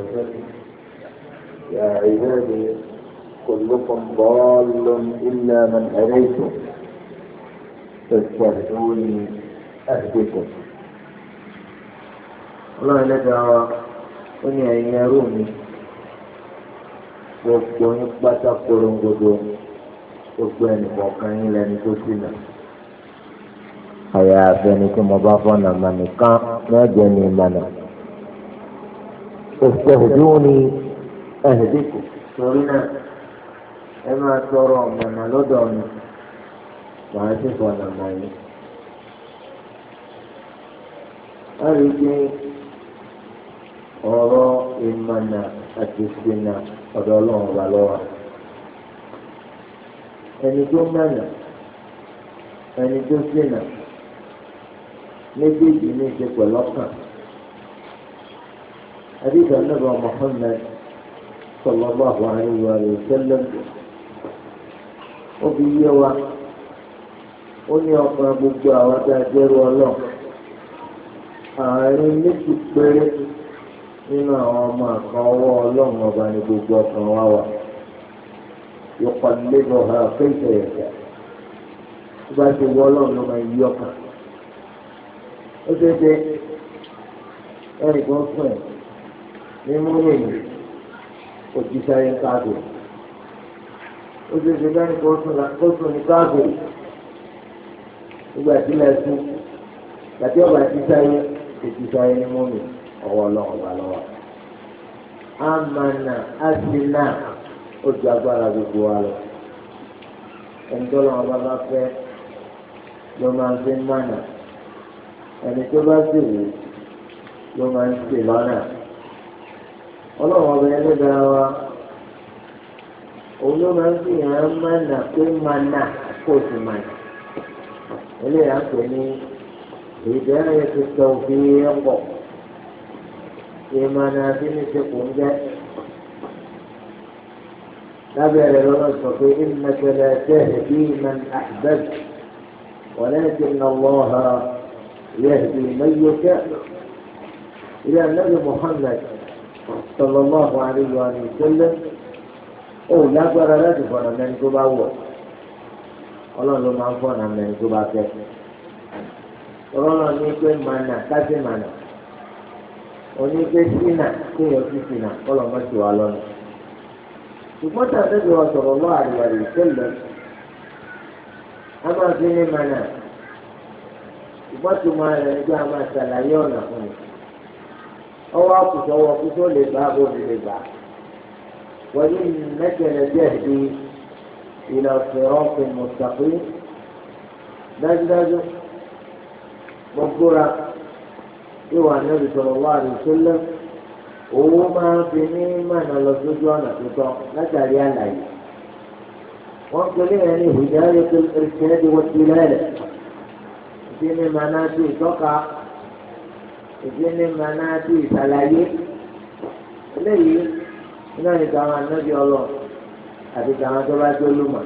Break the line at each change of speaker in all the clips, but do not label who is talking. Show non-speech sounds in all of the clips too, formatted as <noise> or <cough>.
وسلم يا عبادي كلكم ضال إلا من هديته فاستهدوني أهدكم الله لدعوة وني أن رومي gbogbo yín pátá korongodo gbogbo ẹnìkọ̀ọ̀kan yín lẹni tó ṣìnà. àyà àfẹnikẹ́ mo bá fọ́nà mànìkan mẹ́jọ ni mànà. استهدوني أهدكم سورينا إما سورة مما لدعني ما أشوف ولا ما أرجع ọ̀rọ̀ ìmọ̀nà àti ìsìnà ọ̀dọ̀ ọlọ́run wà lọ́wọ́ ẹni tó mọ̀nà ẹni tó sìnà méjèèjì ní ìṣe pẹ̀lú ọkàn. حديث النبي محمد صلى الله عليه وآله وسلم وفي يوم وني أقرأ بجاء وتأجر والله àárín méjì péré nínú àwọn ọmọ àkàn ọwọ́ ọlọ́run ọba ní gbogbo ọkàn wa wà yọpọ̀ lébọ̀ ha fẹ́ẹ̀fẹ́ ẹ̀fẹ́ tó bá ti wọ ọlọ́run ló máa yí ọkàn ó ṣeé ṣe ẹnì kan fún ẹ̀ ní múlò yìí òjíṣẹ́ ayé káàdùn ó ṣe ṣe lẹ́nu kó sùn ní káàdùn nígbà tí lẹ́sùn gbàtí ọba ti sáyé òjíṣẹ́ ayé ní múlò ọwọ́ ọlọ́run bá lọ́wọ́ amana asina ó ju agbára gbogbo wa lọ ẹni tó lọ́wọ́ bá bá fẹ́ ló máa ń fi mánà ẹni tó bá sì wù ló máa ń ṣe lọ́nà. ọlọ́run ọba ẹlẹ́dàá wa òun ló máa ń fi hàn mánà pé mánà kò sì mánà eléyà ń pè ní ìbẹ̀rẹ̀ tuntun òfin ẹ̀pọ̀ ìmọ̀nà bí ní ṣe kò ń jẹ́ lábẹ́rẹ̀ lọ́nà sọ pé ìmọ̀tẹ̀lẹ̀ tẹ̀lé bí ìmọ̀ àbẹ̀bẹ̀ ولكن الله يهدي من يشاء إلى النبي محمد sallallahu alaihi wa sallam ó lágbára láti fọ̀nà mẹ́ni tó bá wọ̀ ọlọ́run ló máa ń fọ̀nà mẹ́ni tó bá fẹ́ ọlọ́run ní pé mànà káṣí mànà oní pé sínà kéèyàn sí sínà a ọwọ́ àkùsọ̀ wọ kí tó lè bá bó lè bá wọ́n yìí mẹ́kẹ̀lẹ́ díẹ̀ di ìlà sirati mustaqim dájúdájú gbọ́gbóra ìwà Ànábì sallallahu alaihi wasallam owó máa ń fi ní mọ̀nà lọ sójú ọ̀nà tó látàrí àlàyé wọ́n pèlè yẹn ní ìhùjẹ́ ayé tó ń ṣe é wọ́n ti lẹ́lẹ̀ ìdí náà ti ìtọ́ka. ìdí ní manáàdì ìsàlàyé eléyìí iná ní tàwọn anábì ọlọ àti tàwọn tó bá tó lùmọ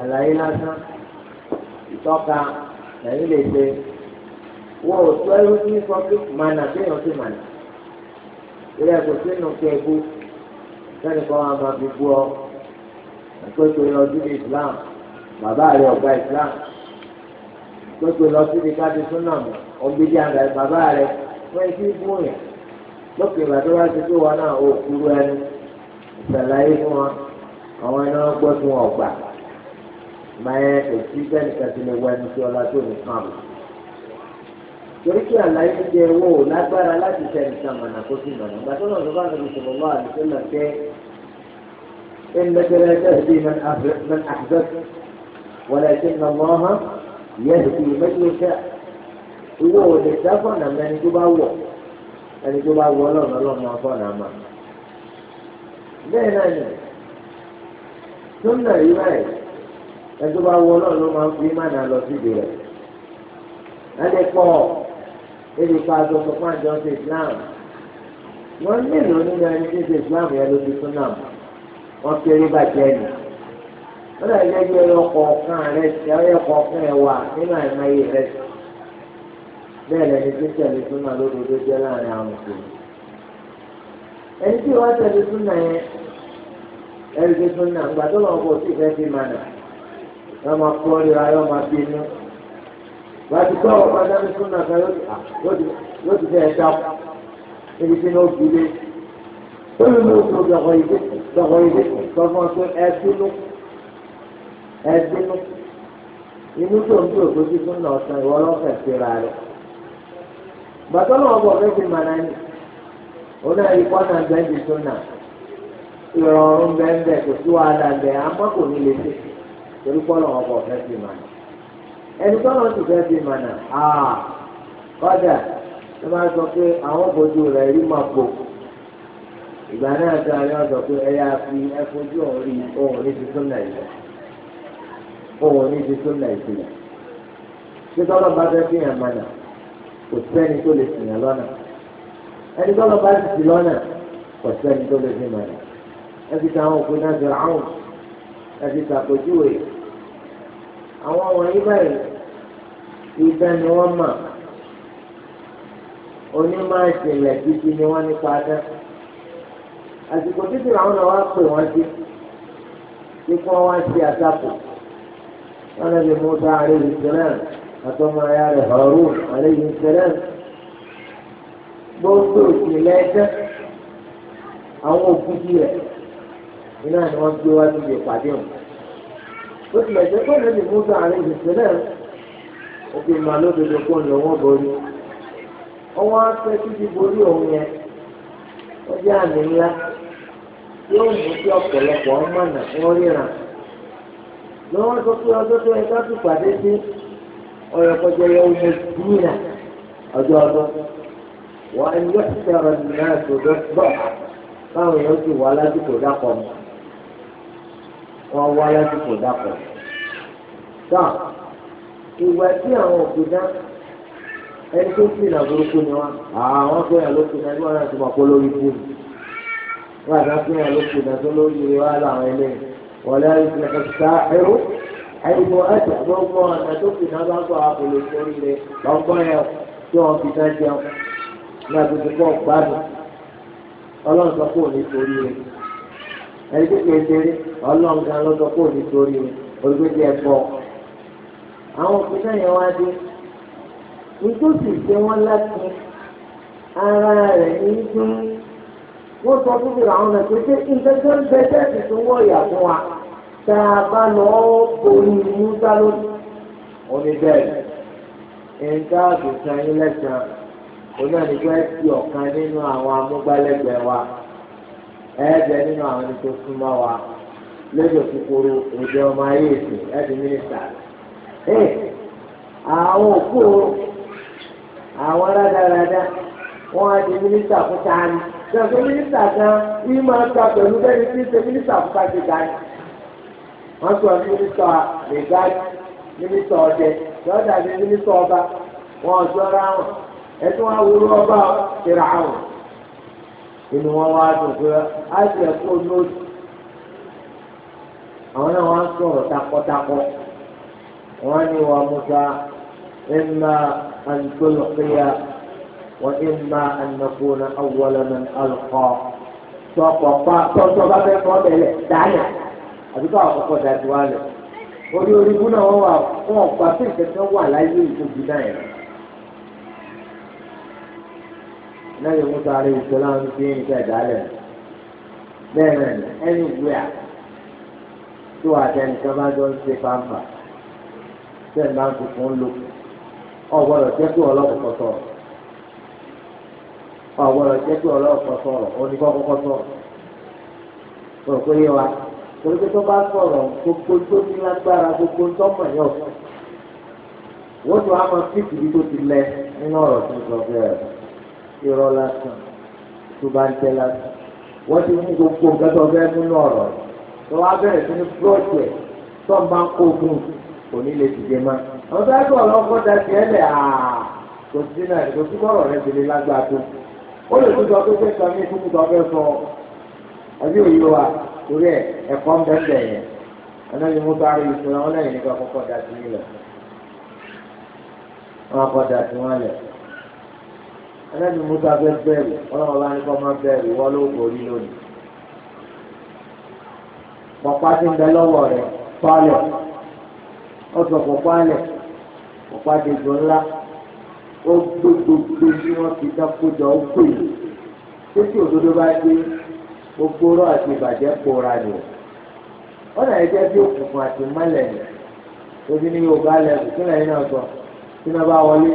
àlàyé lásán ìtọ́ka lẹ́yìn lè ṣe wọ́n ò tó ẹrú ní public manner kéèyàn sì mànà ilé ẹ̀kọ́ sínú kẹ́ẹ̀kú sẹ́ni kan wà máa fi bú ẹ̀kọ́ ìpè lọ sí Islam bàbá rẹ̀ ọ̀gá Islam gbogbo lọ sí ibi káàdì súnà mọ ọgbẹdì àgbà bàbá rẹ wọn ti gún yàn lókè ìgbà tó bá ti tó wọn náà ó kúrú ẹnu ìṣàlàyé fún wọn àwọn ẹni wọn gbọ́ fún ọgbà báyẹn kò sí bẹ́ẹ̀ni kàtí lè wọ ẹni tí ọlá tó nìkan mọ torí pé àlàyé ti jẹ owó lágbára láti sẹni sàmànà kó sì mọ̀nà gbàtọ́ náà ló bá ń sọ̀rọ̀ wá àdúgbò náà pé إنك لا تهدي من أحببت ولكن الله yẹ́dùkú mẹ́tìlẹ́sẹ̀ ìwọ ò lè dá fọ̀nà mẹ́ni tó bá wọ̀ ẹni tó bá wọ ọlọ́run ọlọ́run máa fọ̀nà mà bẹ́ẹ̀ náà ni súnà yìí báyìí ẹni tó bá wọ ọlọ́run ló máa ń fi mánà lọ síbi rẹ̀ ẹni pọ̀ ebi pa aṣọ sọ fún àjọ ṣe Islam wọ́n nílò nínú ẹni tí ṣe Islam yẹn ló ti súnà wọ́n kéré bàjẹ́ nìyí wọ́n lè lẹ́yìn ẹyọ kọ̀ọ̀kan rẹ̀ sí ẹyọ kọ̀ọ̀kan ẹ̀ wà nínú àìmọye rẹ̀ sí. bẹ́ẹ̀ lẹni tí tẹ̀lé súnmọ́ lódodo jẹ́ láàrin àwọn òṣèlú. ẹni tí wọ́n tẹ̀lé súnmọ́ yẹn ẹni tí súnmọ́ àgbà tó lọ́wọ́ kó sì fẹ́ fi máa nà wọ́n máa kọ́ ríra yọ́ máa bí inú. wọ́n ti gbọ́ ọ̀pá dání súnmọ́ kan yóò ti fẹ́ ẹ̀ níbi tí ní ó gbúlé. ó lè ẹdínú inú tó ń tó òkú títún náà ọ̀sán ìwọ lọ́fẹ̀ẹ́ síra rẹ̀ bàtọ́ náà bọ̀ fẹ́ fi màná ni òun náà yí kọ́nà bẹ́ẹ̀dì tó nà ìrọ̀rùn bẹ́ẹ̀ kò sí wàhálà bẹ́ẹ̀ àmọ́ kò ní lè ṣe torí kọ́ náà bọ̀ fẹ́ fi màná ẹni tó náà ti fẹ́ fi màná àà kọ́dà ló máa sọ pé àwọn bójú rẹ̀ rí máa pò ìgbà náà tó ayé ọ̀dọ̀ pé ẹ yáa fi ẹ fojú òun rí òun rí tuntun náà òun ní ti súnà ìsìnà ṣé tọ́lọ́ bá fẹ́ fihàn mọ́nà kò sẹ́ni tó lè sìn yàn lọ́nà ẹni tọ́lọ́ bá sì sí lọ́nà kò sẹ́ni tó lè sìn mọ́nà ẹ fi ta àwọn òkú náà jọ àwọn ẹ fi ṣàpèjúwe àwọn wọ̀nyí báyìí ìdá ni wọ́n mọ̀ onímọ̀ ìṣẹ̀lẹ̀ títí ni wọ́n nípa dá àsìkò títí làwọn náà wá pè wọ́n sí kíkọ́ wá sí àtàkùn. ونبي موسى عليه السلام ثم يا هارون عليه السلام gbogbo ìpìlẹ̀ ẹ̀ṣẹ̀ àwọn òkúti rẹ̀ iná ni wọ́n gbé wá síbi ìpàdé wọn. ó tilẹ̀ jẹ́ pé lẹ́nu ìmúdọ̀ àárín ìṣẹ̀lẹ̀ òkè màlúdodo kó lọ wọ́n borí. ni wọ́n sọ pé ọjọ́ tó yẹ ká tún pàdé sí ọ̀rọ̀ kọjá yẹ omi dínà ọjọ́ ọdún wọ́n á yọ ìṣẹ̀rọ̀ nìyẹn tó dọ́ bọ̀ káwọn èèyàn sì wá lásìkò dápọ̀ mọ́ wọ́n wá lásìkò dápọ̀ tán ìwà tí àwọn òkúta ẹni tó sì nà burúkú ni wọn àwọn tó yà lókun náà ẹni wọn náà ti mọ̀ pé lórí kú ni wọn àti wọn tó yà lókun náà tó lórí wa làwọn eléyìí. ولا يفلح الساحر حيث أتى gbogbo ọ̀nà tó fi náà bá ń bọ̀ àpòlò sórí rẹ̀ lọ́gbọ́n yẹn tí wọ́n fi náà jẹun náà tó ti kọ́ gbádùn ọlọ́run sọ pé òní sórí rẹ̀ ẹni tó kìí ṣeré ọlọ́run gan ló sọ pé òní sórí rẹ̀ olùgbèjì ẹ̀kọ́ àwọn òfin náà yẹn wá dé nítòsí ṣe wọ́n láti ara rẹ̀ ní pé wọ́n sọ fún mi àwọn ọ̀nà pé ṣé nǹkan tó ń bẹ tẹ́sí tó wọ́ ìyà fún wa tá a bá lọ borí musa lónìí omi bẹ́ẹ̀ nǹkan àgùntàn yín lẹ́sàn-án onáníkó ẹ ti ọ̀kan nínú àwọn amúgbálẹ́gbẹ̀ẹ́ wa ẹ̀ẹ́dẹ̀ nínú àwọn ẹni tó súnmọ́ wa lẹ́dọ̀ kúkúrú òde ọmọ ayé ètò ẹ̀dí mínísítà ee àwọn òkú àwọn rádaràdá wọn á di mínísítà fún tani ṣe pé mínísítà gan yìí máa ń ta pẹ̀lú bẹ́ẹ̀ ni tí ń ṣe mínísítà fún kájí dání. wọ́n sọ mínísọ̀ lẹ́gáàdì mínísọ̀ ọ̀dẹ lọ́dà ní mínísọ̀ ọba wọn ọ̀dọ́ra wọn ẹtún wọn wúlò ọba ìrà wọn. inú wọn wá dùn á ti ẹ̀kọ́ lóòtù àwọn náà wọn sọ̀rọ̀ takọ́takọ́ wọn ni wọn Musa ìmà àǹtólùkìyà wọn ìmà àǹnàkùnà awọlẹ̀mẹ̀ alùpọ̀ tọkọ̀ pa tọ́jọ́ àbí káwọn kọ́kọ́ da ti wá lẹ̀ orí orí ibú náà wọ́n wà fún ọ̀pá pé ìkẹ́kẹ́ wà láyé ìtòjú náà yẹn. lẹ́yìn musa rẹ̀ ìṣọ́lá ń gbé nǹkan ẹ̀dá lẹ̀ bẹ́ẹ̀ náà ní ẹni ìwé à tó àtẹnìkan bá jọ ń ṣe pàmpà bẹ́ẹ̀ bá ń funfun lò ọ̀gbọ́dọ̀ jẹ́ pé ọlọ́kọ̀ọ́kọ́ sọ̀rọ̀ ọ̀gbọ́dọ̀ jẹ́ pé ọlọ́kọ̀ọ́kọ́ sọ̀rọ̀ oníkọ́kọ́kọ́ sọ̀rọ̀ torí pé tó bá sọ̀rọ̀ gbogbo tó ní lágbára gbogbo tó mọ̀ yọ̀ wọ́n tún á mọ fíìtì bí tó ti lẹ nínú ọ̀rọ̀ tó ń sọ bẹ́ẹ̀ irọ́ lásán tó bá ń tẹ́ lásán wọ́n ti mú gbogbo nǹkan tó fẹ́ nínú ọ̀rọ̀ tó wá bẹ̀rẹ̀ sí ní búrọ́ọ̀tì ẹ̀ tó ń bá ń kó ogun kò ní lè dìde mọ́ àwọn tó ẹgbẹ́ ọlọ́kọ́ da tiẹ̀ lẹ̀ àà kò sí náà kò sí bọ́ọ̀rọ̀ rẹ̀ ti torí ẹ ẹ̀kọ́ ń bẹ́ẹ̀ yẹn ẹnẹ́bí mú sáré ìṣúná wọn lẹ́yìn nípa kọ́kọ́ da sí ilẹ̀ wọn kọ́ da sí wọn lẹ̀ ẹnẹ́bí mú sáré bẹ́ẹ̀rù ọlọ́run bá ní kọ́ máa bẹ́ẹ̀rù wọ́n ló borí lónìí pọ̀pá ti ń bẹ lọ́wọ́ rẹ̀ pálọ̀ ó sọ pọ̀pá lẹ̀ pọ̀pá ti dùn ńlá ó gbé bí wọ́n ti dákójọ ó pè é títí òdodo bá dé gbogbo rọ àti ìbàjẹ́ pòórá ni o ó nà ẹjẹ́ bí òkùnkùn àti mọ́lẹ̀ ni ojú ní yorùbá lẹ́kùn kí lẹ́yìn náà sọ kí náà bá wọlé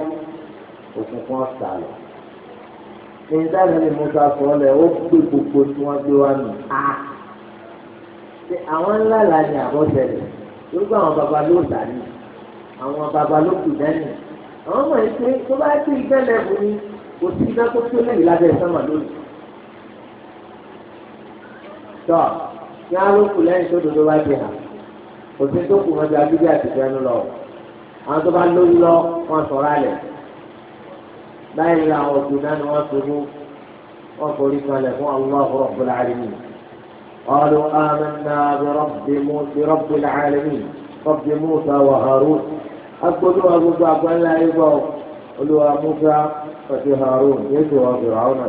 òkùnkùn ọ̀sà lọ. èyí táwọn ní musa sọ ọ lẹ ó gbé gbogbo tí wọ́n gbé wá nù á ṣe àwọn ńlá là ní àbọ̀sẹ̀lẹ̀ lórúkọ àwọn baba ló là ní àwọn baba ló kù dání àwọn ọmọ yìí pé tó bá ti ìgbẹ́ lẹ́kùn ni kò sí iná tó tọ́ ní alókù lẹ́yìn tó dodo bá di hàn òsì tó kù wọn ju abídí àtijọ́ ẹnu lọ àwọn tó bá lóyún lọ wọn sọ̀rọ̀ alẹ̀ báyìí ni àwọn òkú náà ni wọ́n ṣubú wọ́n forí kalẹ̀ fún Allah Rabbul Alamin قالوا آمنا برب برب العالمين رب موسى وهارون أقولوا أبو بكر لا يبغوا قلوا موسى وهارون يسوع فرعون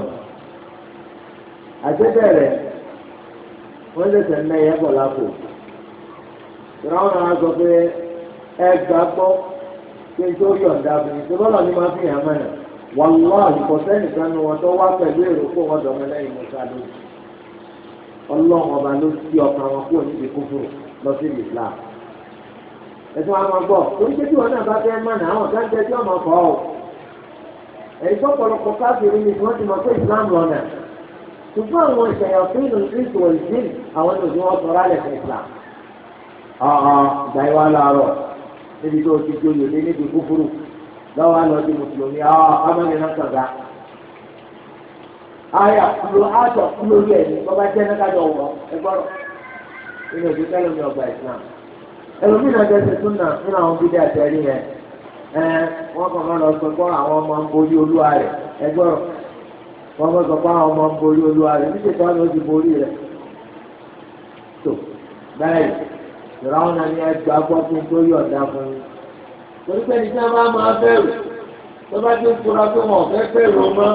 أتدري wọ́n tẹ̀sẹ̀ ń náyẹ bọ̀ lápò ìràwọ̀n náà sọ pé ẹ gbà gbọ́ pé tó yọ̀ǹda fún mi tó lọ́la ni máa fi hàn mẹ́rin wàlúwà ìkọ̀sẹ́ nìkan ni wọ́n tó wá pẹ̀lú èrò kó wọ́n dọ̀mọ́ lẹ́yìn mọ́tà lónìí ọlọ́run ọba ló ti ọkàn wọn kúrò níbi kúfù lọ sí Islam ẹ̀sùn àwọn gbọ́ oríṣi tí wọn náà bá fẹ́ mọ̀ náà àwọn gángẹ́ tí ọmọ kọ́ ọ ẹ̀yìn tó pọ̀lọpọ̀ káfíìrì ni wọ́n ti mọ̀ pé Islam lọ́nà. ṣùgbọ́n àwọn ìṣẹ̀yàfín ìrìnsì wọ̀ ìsìn àwọn ìrìnsì wọn sọ rálẹ̀ fún Islam. ọ̀hún ìgbà yìí wá láàárọ̀ níbi tó ti di kukuru níbi kúkúrú lọ́wọ́ àná di mùsùlùmí ọmọdé náà sọ̀gá. ayà kúló àjọ kúló yẹ ni bọ́bá jẹ́ náà kájọ wọ̀ Islam. na náà jẹ́ tuntun náà nínú àwọn bídẹ́ àtẹ̀rí lọ sọ àwọn ọmọ wọ́n mọ̀ sọ pé àwọn ọmọ ń borí olúwa rẹ̀ níbi ìtọ́ ni ó ti borí rẹ̀ tó báyìí ìràwọn náà ni ẹgbàá gbọ́ fún tó yọ̀ọ̀dá fún yín torí pé ní sábà máa bẹ̀rù tó bá ti ń fura pé wọn ò fẹ́ bẹ̀rù mọ́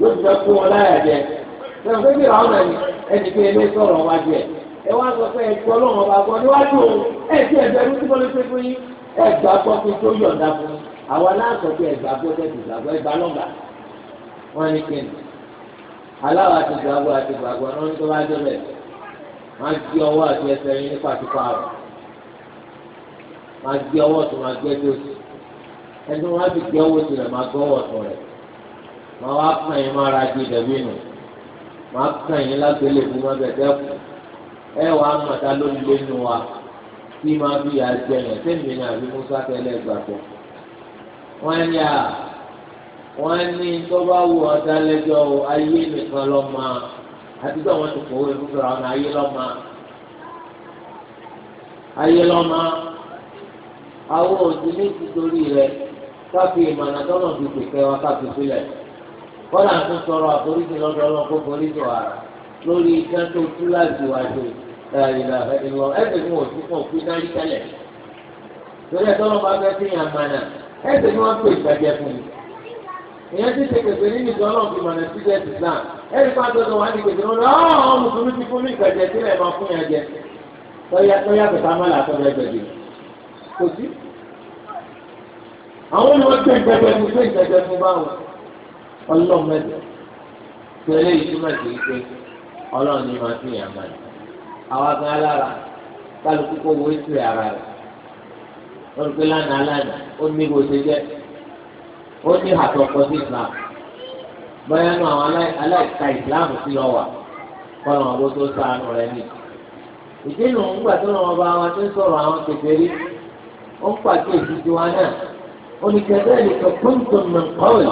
yóò ti fẹ́ kó wọn láyà jẹ lọ́wọ́ pé bí ìràwọn náà ni ẹnì pé ilé sọ̀rọ̀ wá jẹ ẹ wá sọ pé ẹ̀kú ọlọ́run ọba gbọ́ níwájú òun ẹ̀ tí ẹ̀bẹ̀ ẹ̀rú tí wọ́n fún yín ẹ̀gbà gbọ́ fún tó yọ̀ọ̀dá fún àwa náà sọ aláwọ̀ àti gbàgbọ́ àti gbàgbọ́ náà ní tó bá jẹ́ bẹ́ẹ̀ máa gbé ọwọ́ àti ẹsẹ̀ yín nípa àtìkọ́ àrò máa gbé ọwọ́ tó máa gbé tó sí ẹni wọn á fi gbé ọwọ́ tó rẹ̀ máa gbé ọwọ́ tó rẹ̀ máa wá kàn yín máa ra di ìdẹ̀bí nù máa kàn yín lágbélé fún wọn bẹ̀tẹ̀ kù ẹ wàá mọ̀ta ló ń lé nu wa kí máa fi àjẹyàn tẹ̀mí náà bí musa tẹ́lẹ̀ gbàgbọ́ wọn ní à. wọ́n ní tọ́ba wù ọ̀dà lẹ́jọ́ o ayé nìkan lọ́mọ àti tí fúnra ọ̀nà ayé lọ́mọ ayé lọ́mọ àwọn òsì ní rẹ káfí ìmọ̀nà tọ́nà fi pèsè wa káfí sílẹ̀ kọ́lá tó sọ̀rọ̀ àforíjì lọ́dọ̀ kó lórí iṣẹ́ tó ìyẹn ti ṣe pèsè nínú ìjọ náà fi mọ̀nà sí jẹ́ islam ẹ̀rí pa àtọ́jọ wà ní pèsè wọn lọ ọ́ mùsùlùmí ti fún mi ìgbàjẹ sílẹ̀ máa fún yẹn jẹ tọ́yà tọ́ta mọ́lá àtọ́jọ ẹgbẹ̀jẹ kò sí.
àwọn ni wọ́n tẹ̀ ìgbẹ́jẹ
fún pé ìgbẹ́jẹ fún báwọn ọlọ́run mẹ́jọ pẹ̀lú ìtumọ̀ sí i pé ọlọ́run ni máa fi yàn máa àwa gan alára kálukú kó wo ètò ara rẹ̀ wọ́n gbé lánàá lánàá ó ní bó ṣe jẹ́ ó ní àtọkọ sí islam bóyá nu àwọn aláìka islam sí ọwà kọlọn owó tó sànù rẹ ní. ìdí nu ń gbà tó lọ́wọ́ bá wọn tó ń sọ̀rọ̀ àwọn kékeré ó ń pàṣẹ ìdíjú wa náà ó ní kẹfẹ́ lè sọ kóńtòn mọ̀ kọ́wé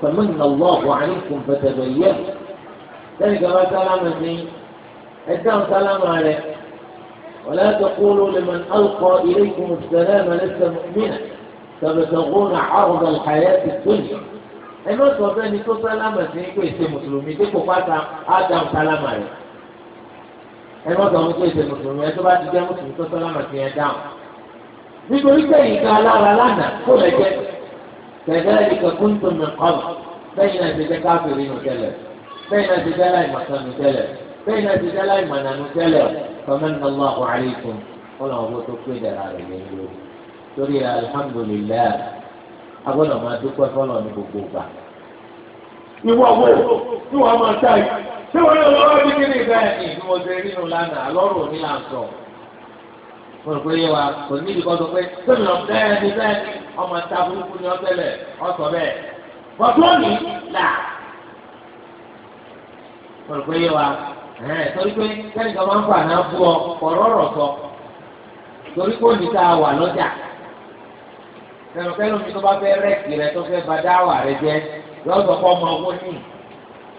pẹ̀lú ìnáwó àwọn àníkùn fẹ̀tẹ̀lẹ̀ yẹ. lẹ́yìn kan bá sálámà ní ẹ̀dáhùn sálámà rẹ̀ wọ́n lẹ́tọ̀ kúrò lè mọ̀ alùpùpù تبتغون عرض الحياة الدنيا ẹ má sọ fẹ́ ni tó sálámà sí pé èsè mùsùlùmí dípò pátá ádám sálámà rẹ̀ ẹ má sọ fún pé èsè mùsùlùmí ẹ tó bá ti jẹ́ mùsùlùmí tó sálámà sí ẹ dáhùn. nítorí sẹ́yìn kan alára lánàá kó lè jẹ́ tẹ̀gẹ́rẹ́ ìkẹ́ kún tó mi kọ́ mi sẹ́yìn náà ti jẹ́ káfíìrì nù tẹ́lẹ̀ sẹ́yìn náà ti jẹ́ láìmọ̀kan nù tẹ́lẹ̀ sẹ́yìn náà ti jẹ́ láìmọ̀nà nù tẹ́lẹ̀ fọmẹ́ni torí alihamudulilayi agbọ́dọ̀ máa dúpẹ́ fọlọ́ ní gbogbo gbà. ìwọ wo tí wọn máa ta yìí tí wọn yóò lọ́wọ́ bí kíni ìgbà yẹn ní mo ṣe rí nu lánàá lọ́rùn ní là ń sọ. mo rò pé yé wa kò ní ìdíkọ́ sọ pé tóbi lọ bẹ́ẹ̀ ni bẹ́ẹ̀ ni ọmọ ta burúkú ni ọtẹlẹ ọsọ bẹ́ẹ̀. bọ́tọ́ọ̀nì là mo rò pé yé wa torí pé kẹ́nìkan máa ń fà náà bú ọ kọ̀rọ̀ sọ torí kò ní ká wà lọ́jà sẹnu fẹnu mi tó bá fẹ́ rẹkì rẹ tó fẹ́ badáwà rẹ jẹ lọsọ fọ ọmọ owó nì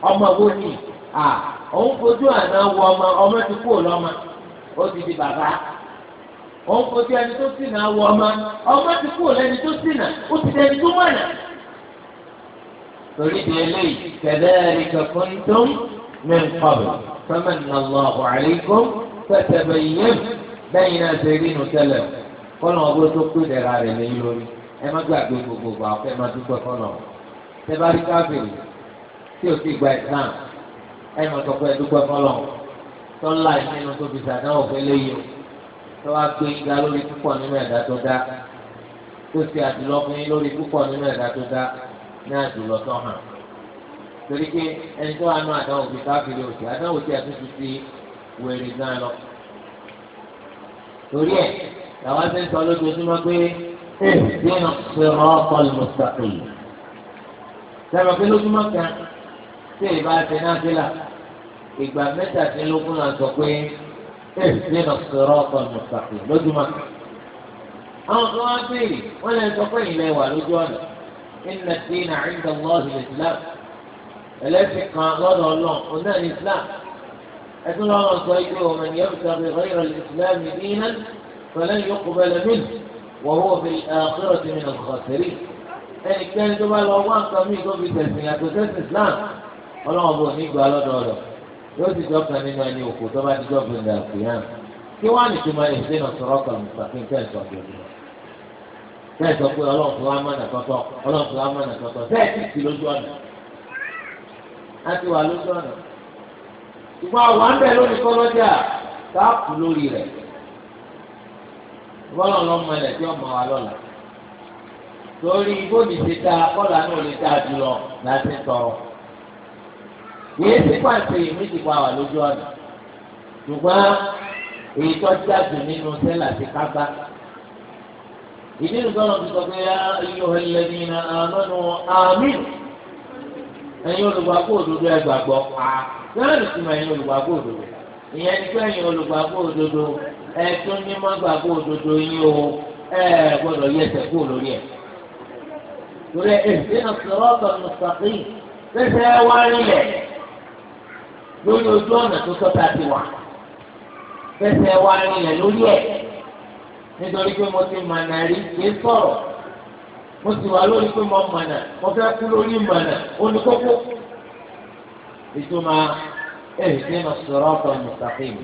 ọmọ owó nì à òun fojú àná wọ ọmọ ọmọ ti kú lọmọ ó ti di bàbá òun fojú ẹni tó ṣìnà wọ ọmọ ọmọ ti kú lẹni tó ṣìnà ó ti dẹni tó mọ̀nà. torí di eléyìí kadhalika kuntum min qabl famanna Allahu alaykum fatabayyan bẹ́yìn náà ṣe rí inú tẹ́lẹ̀ kọ́nà ọgbọ́n tó kú ìdẹ̀ra rẹ̀ lẹ́yìn lórí ẹ má gbàgbé gbogbogbò àwọn ẹ má dúpẹ́ fọlọ́ ẹ bá rí káfíìrì tí o ti gba ìsàn ẹ má sọ pé ẹ dúpẹ́ fọlọ́ tọ́lá ìnínú tó fi sàdáwọ̀ fẹ́ léyìí tó wá gbé ga lórí púpọ̀ nínú ẹ̀dá tó dá tó ti àdúlọ fún yín lórí púpọ̀ nínú ẹ̀dá tó dá ní àdúlọ tó hàn torí pé ẹni tó wà nù àdáwọ̀ fi káfíìrì òsì àdáwọ̀ tí a tún ti ti wèrè gan lọ torí ẹ̀ làwọn ti ń sọ lójoojúmọ́ pé. اهدنا الصراط المستقيم كما في لغة مكة في بعد نافلة إقبال متى في لغة الأنسوقين اهدنا الصراط المستقيم لغة مكة أخواتي ولا تقل لي والجوانا إن الدين عند الله الإسلام الذي قال الله قلنا الإسلام أتنا الله سيده من يبتغي غير الإسلام دينا فلن يقبل منه وهو في الآخرة من الخاسرين ẹnì kẹ́ni tó bá lọ wá nǹkan mí tó fi tẹ̀sìn yàtọ̀ tẹ̀sìn Islam ọlọ́run bò ní ìgbà lọ́dọọdọ yóò ti jọ́ kan nínú ẹni òkú tó bá ti jọ́ gbẹ̀ngà àkùyàn kí wọ́n á nìtúmọ̀ ẹ̀ ṣe nà sọ̀rọ̀ kan mùsàfin kẹ́ẹ̀sọ̀ gbẹ̀ngà kẹ́ẹ̀sọ̀ pé ọlọ́run tó wá mọ̀nà tọ́tọ́ ọlọ́run tó wá mọ̀nà tọ́tọ́ bẹ́ẹ̀ ti sì lójú ọ̀nà á ti wà lójú ọ̀nà ìgbà wà ń bẹ̀ lónìí kọ́lọ́jà káàpù lórí rẹ̀ bọ́lọ̀ lọ́mọ ilẹ̀ tí ọmọ wa lọla torí bóbi ti ta kọ́là náà lè ta jùlọ láti tọrọ yìí ti pàṣẹ méjì pa wà lójú èyí tó nínú bá ìdí nìkan ti sọ pé àmì olùgbàgbọ́ òdodo àá olùgbàgbọ́ òdodo ti ẹ tún ní mọ́gbàgbọ́ òdodo yín o ẹ gbọ́dọ̀ yẹ ẹsẹ̀ kúrò lórí ẹ̀. torí èsì náà sọ̀rọ̀ ọ̀tọ̀ mùsàkì fẹ́fẹ́ wá rinlẹ̀ lórí ojú ọ̀nà tó sọ́ta ti wà fẹ́fẹ́ wá rinlẹ̀ lórí ẹ̀ nítorí pé mo ti mànà rí kì í sọ̀rọ̀ mo sì wà lórí pé mo mànà mo fẹ́ kú lórí mànà oníkókó ìtumọ̀ èsì náà sọ̀rọ̀ ọ̀tọ̀ mùsàkì mi.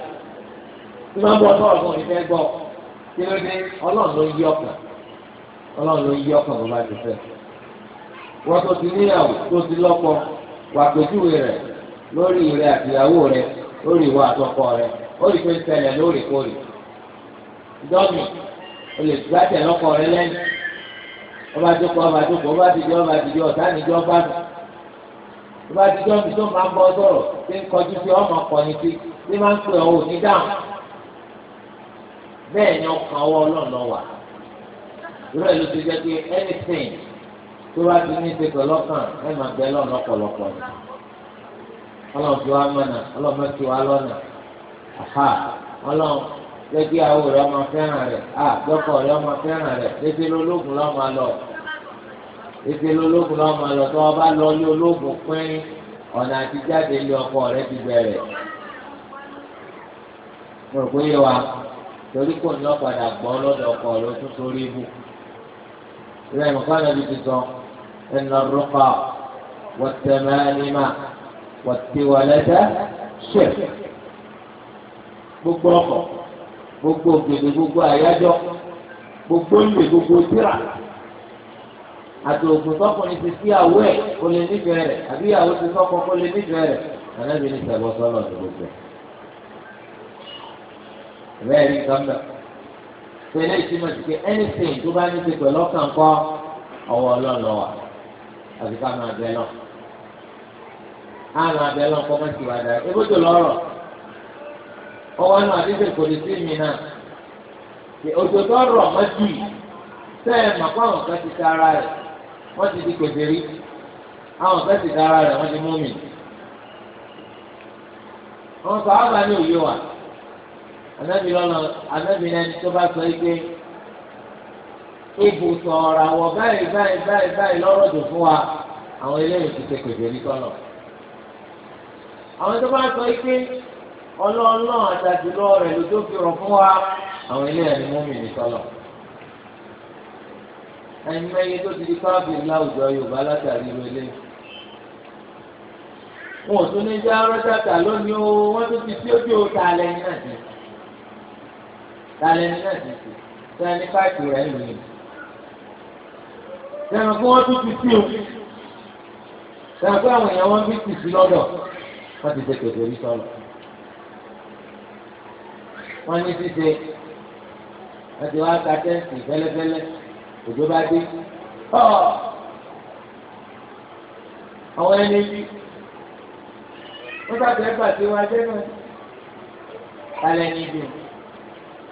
tí wọ́n bọ́ ọtọ́ ọ̀gbọ́n fẹ́ gbọ́ ọlọ́run ló yí ọkàn bó bá ti fẹ́. wọ́n tó ti níyàwó tó ti lọ́pọ̀ wà pèjúwe rẹ̀ lórí rẹ̀ àtìyàwó rẹ̀ lórí ìwọ àtọkọ rẹ̀ ó o lè gbàtẹ̀ lọ́kọ lẹ́yìn ọba tó kọ ọba tó kọ ọba ọba ọba tó bẹ́ẹ̀ ni ọkàn ọwọ́ ọlọ́ọ̀lọ wà irú ẹ̀ ló ti jẹ́ pé anything tó bá ti ní ṣe pẹ̀lọ́kàn ẹ̀ máa bẹ lọ́nà ọ̀pọ̀lọpọ̀ ni ọlọ́run fi wá mọ̀nà ọlọ́run máa ti wá lọ́nà
ọlọ́run àwọn ọmọ fẹ́ràn rẹ̀ à ọmọ fẹ́ràn
rẹ̀ lọ lọ tó o bá lọ torí kò ní ọ̀padà gbọ́ lọ́dọ̀ ọkọ ló tún sórí ibù. ilé ìmọ̀ká náà ti sọ ẹnà rúkà wọ́tẹ̀mẹ́ ẹnìmá wọ́tẹ̀wọ̀lẹ́dẹ́ ṣẹ̀. gbogbo ọkọ̀ gbogbo òkèlè gbogbo àyájọ́ gbogbo ìwé gbogbo tíra àti ògùn tọkùnrin ti sí àwọ ẹ̀ kó lè nífẹ̀ẹ́ àbí ìyàwó ti sọ́kọ kó lè nífẹ̀ẹ́ rẹ̀ ànábìíní sẹ̀bọ̀ sọ́lọ̀ ní gbogbo bẹ́ẹ̀ ní gánbà pẹ̀lú ìtumọ̀ sí pé anything tó bá ní ti pẹ̀lú ọkàn kọ́ wa máa lọ. á máa lọ kọ́ mọ́tì dáa lọ́rọ̀ ọwọ́ kò lè sí mi náà rọ̀ mọ́tì mà kó àwọn kan ti ta ara rẹ̀ wọ́n ti di àwọn kan ti ta ara rẹ̀ anabi lọ́nà anabi lẹ́ni tó bá sọ pé ibùsọ̀ ọ̀rọ̀ àwọ̀ báyìí báyìí báyìí báyìí lọ́rọ̀ dùn fún wa àwọn eléyìí ti ṣe pèsè nítọ́nà. àwọn tó bá sọ pé ọlọ́ọ̀lọ́ àtàdúró rẹ̀ ló tó fi rọ̀ fún wa àwọn eléyìí ni wọ́n mì nítọ́nà. ẹni mẹ́yẹ tó ti di káàbìrì láwùjọ Yorùbá látàrí ìlú eléyìí wọn ò tún ní jẹ́ arọ́jà tà lónìí o wọ́n tún ti tí ó ta lẹ́yìn náà lálẹ́ ní náà ti sè tó ẹni páìpì rẹ̀ ń yìn. Sẹ́nu kí wọ́n tún ti sí o. Sẹ́nu kí àwọn èèyàn wọn bí ti sí lọ́dọ̀. Wọ́n ti ṣe kèké rí sọ́lọ̀. Wọ́n ní ṣíṣe wọ́n ti wá ka tẹ́ǹtì fẹ́lẹ́fẹ́lẹ́ òjò bá dé. Àwọn ẹni bí wọ́n bá tẹ́ gbà tí wọ́n náà. Lálẹ́ ní ibi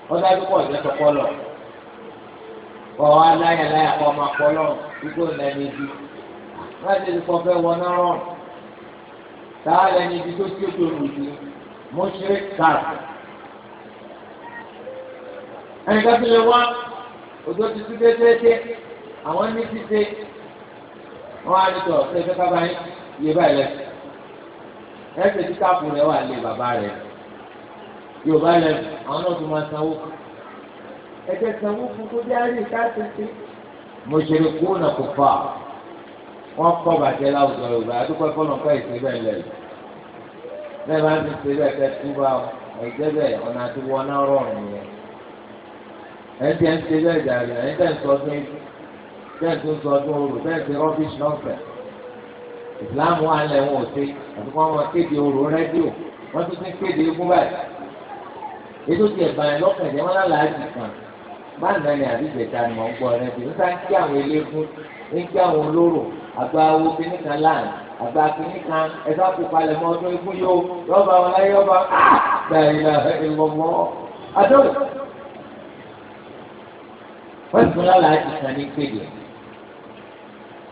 wọ́n dájú pọ̀ ìjọ tó kọ́ lọ. Bọ̀wá láyà láyà kọ́ máa kọ́ lọ gbogbo lẹ́ni ibi. Wọ́n ti di kọfẹ́ wọná rọrùn. Táà lẹ́ni ibi tó tí ó tó lù sí. Mo ṣe kàrà. Ẹni ká fi lè wá òjò ti tú déédéé. Àwọn ní títẹ. Wọ́n á ní tọ̀ ṣe fẹ́ kábàá yé báyìí lẹ́sìn. Ẹ̀sìn tí káàpù rẹ̀ wà lé bàbá rẹ̀. Yorùbá lẹ́sìn àwọn náà tó máa sanwó fún ẹjẹ sanwó fún kó dé àárín ìta tètè. mo ṣe lè kó ọ̀nà kò fà wọ́n kọ́ bàjẹ́ láwùjọ yorùbá àdúgbò ẹ̀fọ́nà kọ́ ìṣe bẹ́ẹ̀ lẹ̀ bẹ́ẹ̀ bá ti ṣe bẹ́ẹ̀ kẹ́ túbà ẹ̀jẹ̀ bẹ́ẹ̀ ọ̀nà àti wọn náà rọrùn yẹn ẹ̀jẹ̀ ń ṣe bẹ́ẹ̀ jàre ẹ̀jẹ̀ ń sọ fún bẹ́ẹ̀ tó ń sọ fún orò bẹ́ẹ̀ ti rọ́bìṣì lọ́fẹ̀ẹ́ ìsìláàmù alẹ́ wọn ò ṣe àti kọ́ wọn kéde orò rẹ́díò wọ́n tún ti kéde ikú báyìí ètò tí ẹ̀bà yẹn lọ́kàn jẹ́ wọn lálàá jù kan má nà ní àdìgbẹ̀ta ni wọ́n gbọ́ rẹ̀ bí nípa ń kí àwọn eléégún ń kí àwọn olóró àgbà awo kíní kan láàrin àgbà kíní kan ẹ̀fọ́ àpòpalẹ̀ mọ́ ọdún ikú yóò rọ́bà wọn láyé ọba gbàyìnà ìmọ̀mọ́ adóòlù. wọ́n ti fún lálàá jù kan ní kéde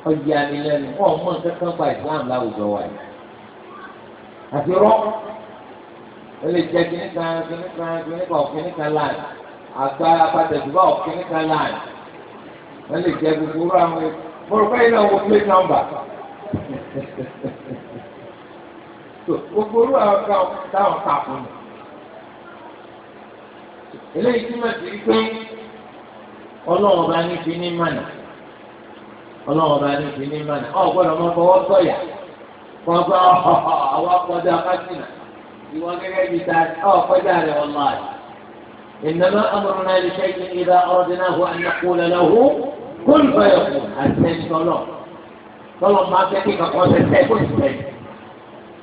ọjà mi lẹ́nu wọ́n mọ̀ nǹkan kan pa ìsìlámù láwùjọ wa àti rọ́ọ̀. ele lè jẹ kini kan kini kan kíní kan kíní kan láàyè agbára pàtẹ́tùbá kíní kan láàyè ó jẹ gbogbo àwọn mọ̀rọ̀kọ́ yìí náà wọ gbogbo olú àwọn kan táwọn kà fún mi eléyìí túmọ̀ pé bá ní fi ní mànà bá ní fi ní mànà ọ̀ gbọ́dọ̀ sọ̀yà kọ́ <laughs> àwọn يواجه المثال bíi فجاله والله إنما أمرنا لشيء إذا أردناه أن نقول له كن فيكون أنسان صلاة صلاة ما تكيك قوة تكون سيكون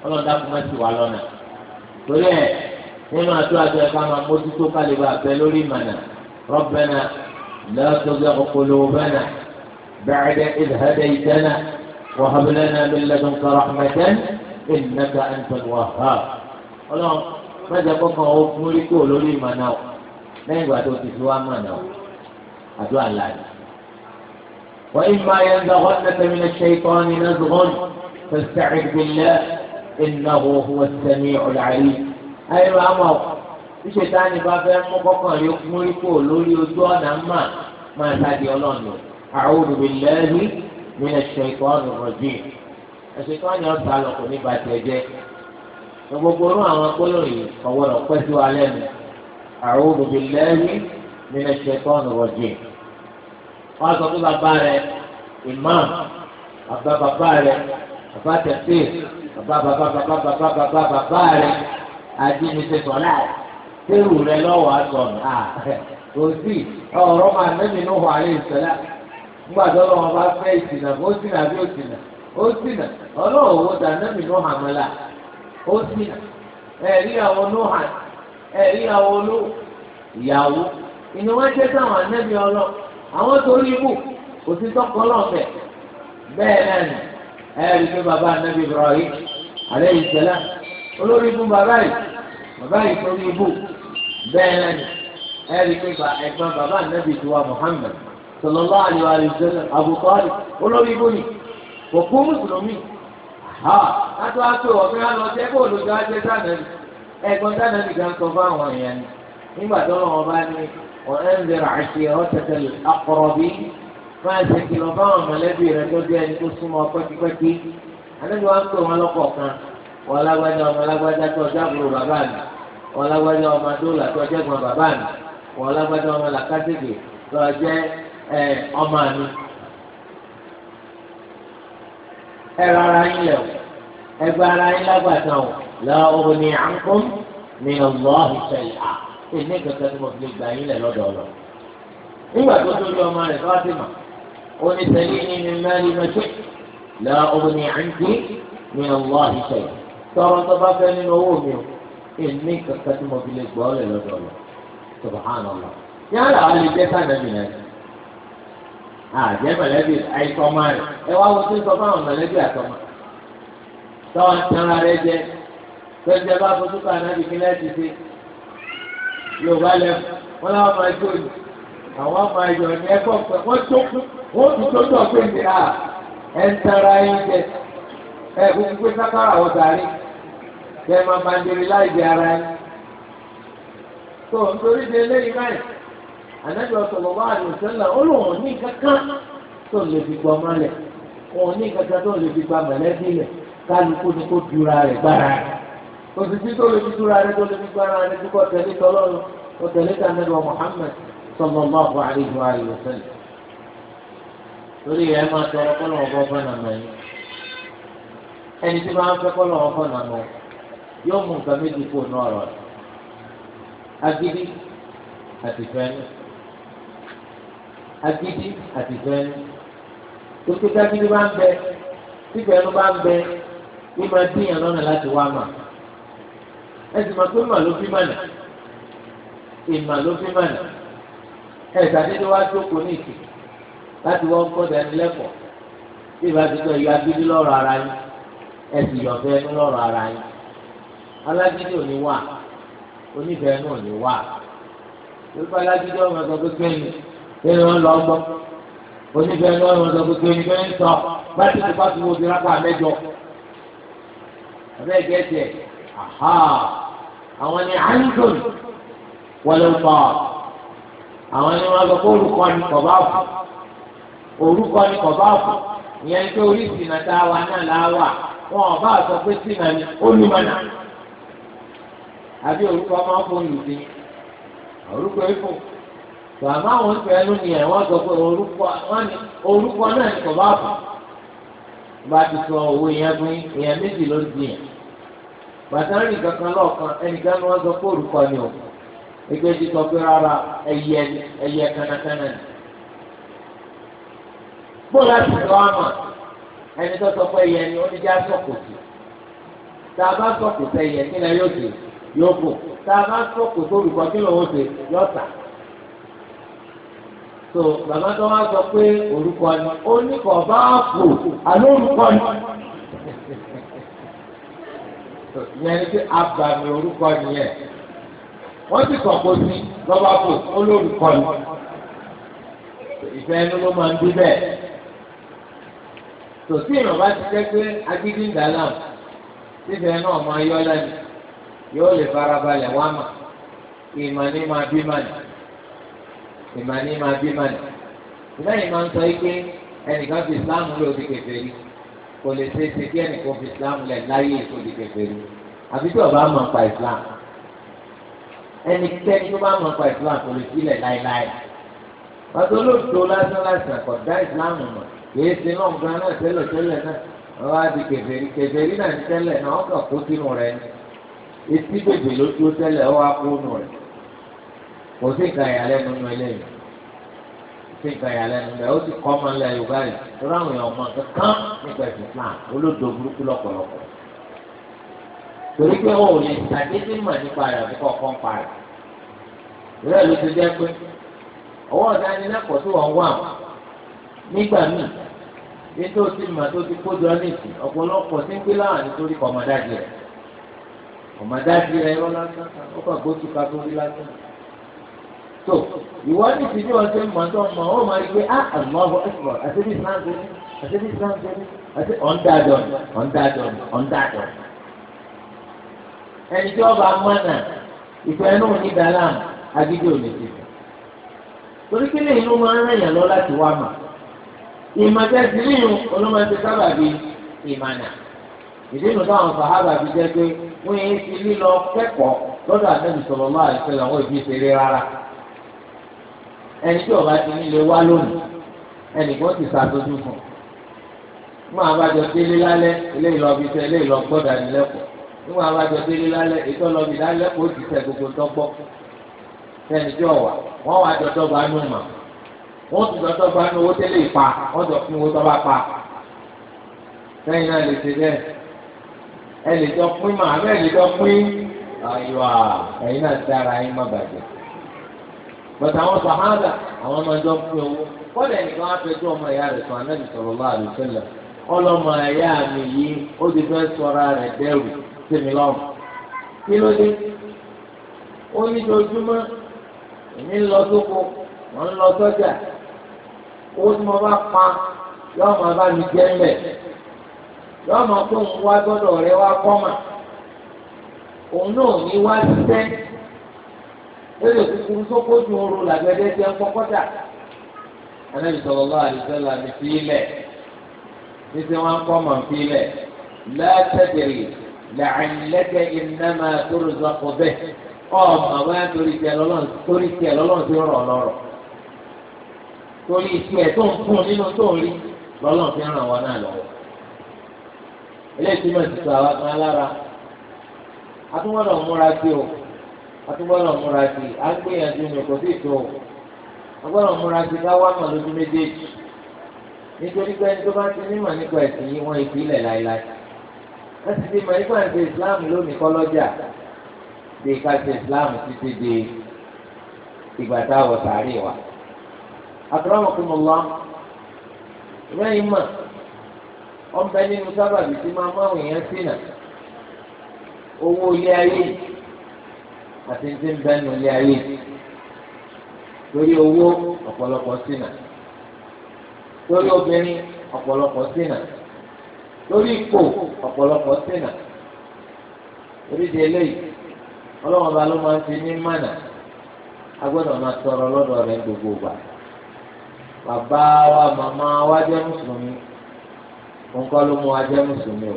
صلاة داك ما سوى لنا تولي إما إيه؟ تواجه كما موتو كالبا بلولي ربنا لا تزغ قلوبنا بعد إذ هديتنا وهب لنا من لدنك رحمة إنك أنت الوهاب ọlọ́run mẹ́jọ kọkàn ó fún ríkò lórí ìmọ̀nà o lẹ́yìn ìgbà tó ti fi wá mọ̀nà o àdúrà láàyè. wọ́n yìí máa yẹn dọ̀gọ́ tẹ̀tẹ̀mí ní ṣẹ́yìkọ́ ní nàzọ́gọ́n fẹsẹ̀ẹ́d bílẹ̀ ìnáwó wọ́n sẹ́mi ọ̀làrí. ayé máa mọ̀ ṣíṣe táni bá fẹ́ mú kọ́kàn rí fún ríkò lórí ojú ọ̀nà mà máa sáde ọlọ́run أعوذ بالله من الشيطان الرجيم الشيطان يرفع لكم بعد gbogbo orun àwọn akólóyìn ọ̀wọ́dọ̀ pẹ́jú alẹ́ mi a'udhu billahi minash shaitani rajim. wọ́n sọ fún bàbá rẹ̀ imam bàbá bàbá rẹ̀ bàbá tẹ̀sí bàbá bàbá bàbá bàbá bàbá bàbá rẹ̀ àdínníṣe sọ̀lá tẹ́rù rẹ̀ lọ́wọ́ àtọ̀nù à kò ọ̀rọ̀ máa nẹ́mi ní ọ̀hún àlẹ́ ìṣẹ̀lá nígbà lọ́wọ́ bá fẹ́ ìsìnà ó sìnà bí ó ó sìnà ọlọ́wọ́ osi ẹ̀rí àwọn olóhà ẹ̀rí àwọn oló ìyàwó ìní wọ́n jẹ́ sáwọn anábì ọlọ́ àwọn torí ibù kò sí tọkọ lọ́fẹ̀ bẹ́ẹ̀ náà nì ẹ̀rí pé bàbá anábì Ibrahim alayhi salam olórí ibù bàbá yìí bàbá yìí torí ibù bẹ́ẹ̀ náà nì ẹ̀rí pé ẹ̀gbọ́n bàbá anábì tiwa Muhammad sallallahu alayhi wa sallam Abu Talib olórí ibù ni kò kú mùsùlùmí látọ́ àti ọ̀fẹ́ alọ́jẹ́ kó olùjọ ajẹ́ sànẹ́lì ẹ̀gbọ́n sànẹ́lì gan sọ fáwọn èèyàn ni nígbà tó lọ́wọ́ bá ní ọ̀rẹ́ ń bẹ̀rẹ̀ àṣẹ ọ̀tẹ̀tẹ̀ akọ̀rọ̀bí máa ṣe kìlọ̀ fáwọn mọ̀lẹ́bí rẹ̀ tó bí ẹni tó súnmọ́ pẹ́kípẹ́kí àlejò wa ń pè wọn lọ́kọ̀ọ̀kan wọn lágbájá ọmọ lágbájá tó ọjọ́ àbúrò bàbá mi wọn lágbájá ọmọ adóòlà tó ọjọ́ ẹ̀gbọ́n bàbá mi wọn lágbájá ọmọ làkàtìgì tó ọjọ́ ọmọ mi. ẹ̀rọ ara yín lẹ̀ o ẹgbẹ́ ara yín lágbàtà o lọ́wọ́ ni à ń kún ní ọ̀gbọ́n ìṣẹ̀lẹ̀ à èmi kankan tí mo fi gbà yín lẹ̀ lọ́dọ̀ ọ̀lọ́. nígbà tó tó lé ọmọ rẹ̀ tó wá sí ó ní tẹ̀lé ní ní mẹ́rin mẹ́tí lọ́wọ́ ni à ń kún ní ọ̀gbọ́n ìṣẹ̀lẹ̀ tọrọ tó bá fẹ́ nínú owó mi o èmi kankan tí mo fi lè gbọ́ lẹ̀ lọ́dọ̀ ọ̀lọ́ àjẹ́ mọ̀lẹ́bí àìsọ́mọ rẹ̀ ẹ wá wo tó sọ fáwọn mọ̀lẹ́bí àtọ́mọ. tọ́wọ́n tanra rẹ jẹ tọ́jú bá fojú kan náà bí kílẹ̀ ti ṣe yorùbá lẹ́fù wọn làwọn máa jó ni àwọn máa yọ ní ẹ̀kọ́ pẹ̀ wọ́n tó kú wọ́n ti tó tó pé ní à ẹ̀ ń tanra yín jẹ ẹ̀ gbogbo pé sákàrà wọ̀ sàárì kẹ́ máa máa ń dèrè láì jẹ ara yín. tó nítorí de eléyìí báyìí ànájọ sallallahu alaihi wasallam ó lóun ní kankan tó lè fi gbọ́ mọ́lẹ̀ òun ní kankan tó lè fi gba mọ̀lẹ́bí lẹ̀ kálukú ni kó dura rẹ̀ gbára rẹ̀ òsìsì tó lè fi dura rẹ̀ tó lè fi gbára rẹ̀ tó kọ́ tẹ̀lé tọ́lọ́run kọ́ tẹ̀lé tànẹ́lọ Muhammad sallallahu alaihi wasallam torí ẹ máa tọrọ kọ́lọ̀ ọ̀bọ fọ́nàmọ́ yìí ẹni tí máa ń fẹ́ kọ́lọ̀ ọ̀bọ fọ́nàmọ́ yóò mú nǹkan méjì kó náà rọ̀ agídí àti fẹ́ẹ́ agídí àti ìfẹ́nu gbogbo dágídí bá ń bẹ fífẹ́nu bá ń bẹ ní máa díyàn lọ́nà láti wá mà ẹ sì máa pé mà ló fi mànà ìmà ló fi mànà ẹ ṣàdédé wá jókòó ní ìsìn láti wọ́n kọ́ dánilẹ́kọ̀ọ́ bí ìbá ti sọ ìyá agídí lọ́rọ̀ ara yín ẹ sì yọ̀ fẹ́nu lọ́rọ̀ ara yín alágídí ò ní wà onífẹ́ẹ́nu ò ní wà lórí alágídí ọmọ ẹ̀kọ́ pé kẹ́yìn. ẹni wọn lọ gbọ́ onífẹ ní ọrùn ọdọ gbogbo ẹni fẹ ń sọ báyìí tó bá ti wo ti rákà mẹ́jọ abẹ́ gẹ̀ẹ́sì aha àwọn ni wọlé ń àwọn ni wọn lọ kó orúkọ ni kọ̀ bá fò orúkọ ni kọ̀ bá fò ìyẹn orí ìsìnà tá a wà náà là á wà wọn ò bá sọ pé sínà ni àbí orúkọ máa ń fò orúkọ tó àmọ́ àwọn oúnjẹ ẹnu ni ẹ̀ wọ́n pé orúkọ náà ní kọ̀ọ̀bá ihe bá ti sọ owó yẹn fún èèyàn méjì ló di yẹn bàtà rìn kankan ẹnìkan ni wọ́n sọ pé orúkọ ni o ẹgbẹ́ ti sọ pé rárá ẹyẹ ẹyẹ kánákáná ni sọ àmà ẹni tó sọ a bá ẹyẹ kí ni yóò so bàbá tó wá sọ pé orúkọ ni ó ní kò bá fò àló orúkọ ni yẹn ni pé abàmì orúkọ nìyẹn wọ́n ti kọ̀ kó sí lọ́ba fò ó lórúkọ ni ìfẹ́ inú ló máa ń bí bẹ́ẹ̀ tòsí ìrànbá ti jẹ́ pé agídí ń dà láàmú síbẹ̀ náà máa yọ lẹ́nu yóò lè farabalẹ̀ wá mà ìmọ̀ ní máa bí mà ní ìmàní máa bí màní lẹ́yìn máa ń sọ yìí pé ẹnìkan fi islam lò di kèfèrí kò lè ṣe é ṣe kí ẹnìkan fi islam lẹ̀ láyé èso di kèfèrí àfi tí ọba máa pa islam ẹnikẹ́ni tó bá máa pa islam kò lè sílẹ̀ láéláé pàtó olóòtú lásán lásán kò dá islam mọ̀ kìí ṣe náà gan náà tẹ́lẹ̀ tẹ́lẹ̀ náà wọ́n wá di kèfèrí kèfèrí náà tẹ́lẹ̀ náà wọ́n kó sínú rẹ̀ etí bèbè ló tó tẹ́lẹ̀ wọ́n kò sí nǹkan ìyàlẹ́nu nínú eléyìí sí nǹkan ìyàlẹ́nu rẹ̀ ó ti kọ́ ọmọ ilẹ̀ yorùbá yìí torí àwọn èèyàn ọmọ kankan nípa ẹ̀sìn Islam olódò burúkú lọ́pọ̀lọpọ̀
torí pé wọn ò
lè ṣàdédé mọ̀ nípa rẹ̀ àti kọ́kọ́ ń pa rẹ̀ ìrẹ́ ló ti jẹ́ pé ọwọ́ ìdánilẹ́kọ̀ọ́ tí wọ́n wà nígbà míì bí tó ti mà tó ti kójọ ní ìsìn ọ̀pọ̀lọpọ̀ tí ń gbé láwọn nítorí kọ̀mọ̀dájì rẹ̀ kọ̀mọ̀dájì rẹ̀ yọ lásán ó kàn gbósùká tó rí lásán tó ìwọ ní ti bí wọn ṣe ń mọ tó mọ ó máa gbé á àlùmọ́bọ ẹ̀sìmọ̀ àti bí islam ṣe ní àti bí islam ṣe ní àti ọ̀ndàdọ̀n ọ̀ndàdọ̀n ọ̀ndàdọ̀n. ẹni tí ọba mọ́nà ìfẹ́ inú ní dàlám agídí òní ti fẹ́. torí kí lèyìn ló máa ń rẹ̀yàn lọ láti wá mà. ìmọ̀tẹ́sí nínú olómọdé sábà bíi ìmànà. ìdí inú táwọn sàhábà fi jẹ́ pé wọ́n yẹn ti lílọ kẹ́kọ̀ọ́ lọ́dọ̀ àtẹ́bùsọ̀rọ̀ máa ń ẹni tí ọba ti nílé wá lónìí ẹnìkan ti ṣàtọ́jú fún un wọn àbájọ délé lálẹ́ eléyìí lọ bí sẹ eléyìí lọ gbọ́dọ̀ ànilẹ́kọ̀ọ́ wọn àbájọ délé lálẹ́ ètò lọ bí lálẹ́kọ̀ọ́ ti sẹ gbogbo tọ́gbọ́ sẹ́ni tí ọ̀wà wọ́n wá dọ́dọ́ gba nù mà wọ́n ti dọ́dọ́ gba nù owó tẹ́lẹ̀ ìpa wọ́n jọ fún owó tọ́ pa sẹ́yìn náà lè ṣe bẹ́ẹ̀ ẹ lè jọ pín mà abẹ́ lè jọ pín àyọ̀ ẹ̀yin náà dára ẹ̀yin má bàjẹ́. bàtà àwọn sàhádà àwọn máa jọ pín owó kọ́lẹ̀ nìkan á fẹjọ́ ọmọ ìyá rẹ̀ sọ sọrọ sallallahu alaihi wasallam ọlọ́mọ ẹ̀yà mi yìí ó ti fẹ́ sọra rẹ̀ dẹ́rù sí mi kí ló dé ó ní lójúmọ́ èmi ń lọ sóko ń lọ mo bá pa yóò máa bá mi jẹ́ ńlẹ̀ yóò máa tó ń wá gbọ́dọ̀ rẹ wá òun náà e òkúkúrú sókójú oorun làgbẹ́dẹ́ jẹ́ kọ́kọ́dà anábì sallallahu alaihi wasallam mi fi ilẹ̀ títí wọn kọ́ mọ̀ fi ilẹ̀ la tadri la'allaka innama torí torí ti rọ̀ lọ́rọ̀ torí tiẹ̀ tó ń fún nínú tó ń rí lọ́lọ́run fi ràn wọn náà lọ́wọ́ eléyìí àwọn lára a tún wọ́n lọ múra sí àtúbọ̀lọ̀ múra sí i àgbéyànjú ni kò sí ìtò àgbọ̀lọ̀ múra sí i káwá mọ̀ lójú méjèèjì nítorí pé ẹni tó bá ti nímọ̀ nípa ẹ̀sìn yìí wọ́n ìpìlẹ̀ láéláé wọ́n ti fi mọ̀ nípa ẹ̀sìn Islam lónìí kọ́lọ́jà bí ká ṣe Islam títí di ìgbà táwọ̀ sàárè wa. àtúrọ̀mọ̀kùnmọ̀lá lẹ́yìn mọ̀ ọ̀nbẹ nínú sábàbí tí máa máwìn yẹn sínà owó ilé ayé yìí àti ní ti ń bẹ́nu ilé ayé torí owó ọ̀pọ̀lọpọ̀ ṣìnà torí obìnrin ọ̀pọ̀lọpọ̀ ṣìnà torí ipò ọ̀pọ̀lọpọ̀ ṣìnà torí di eléyìí ọlọ́wọ́n ba ló máa ń fi ní mánà agbọ́dọ̀ máa tọrọ lọ́dọ̀ rẹ̀ gbogbo gbà bàbá wa màmá wa jẹ́ mùsùlùmí nǹkan ló mú wa jẹ́ mùsùlùmí o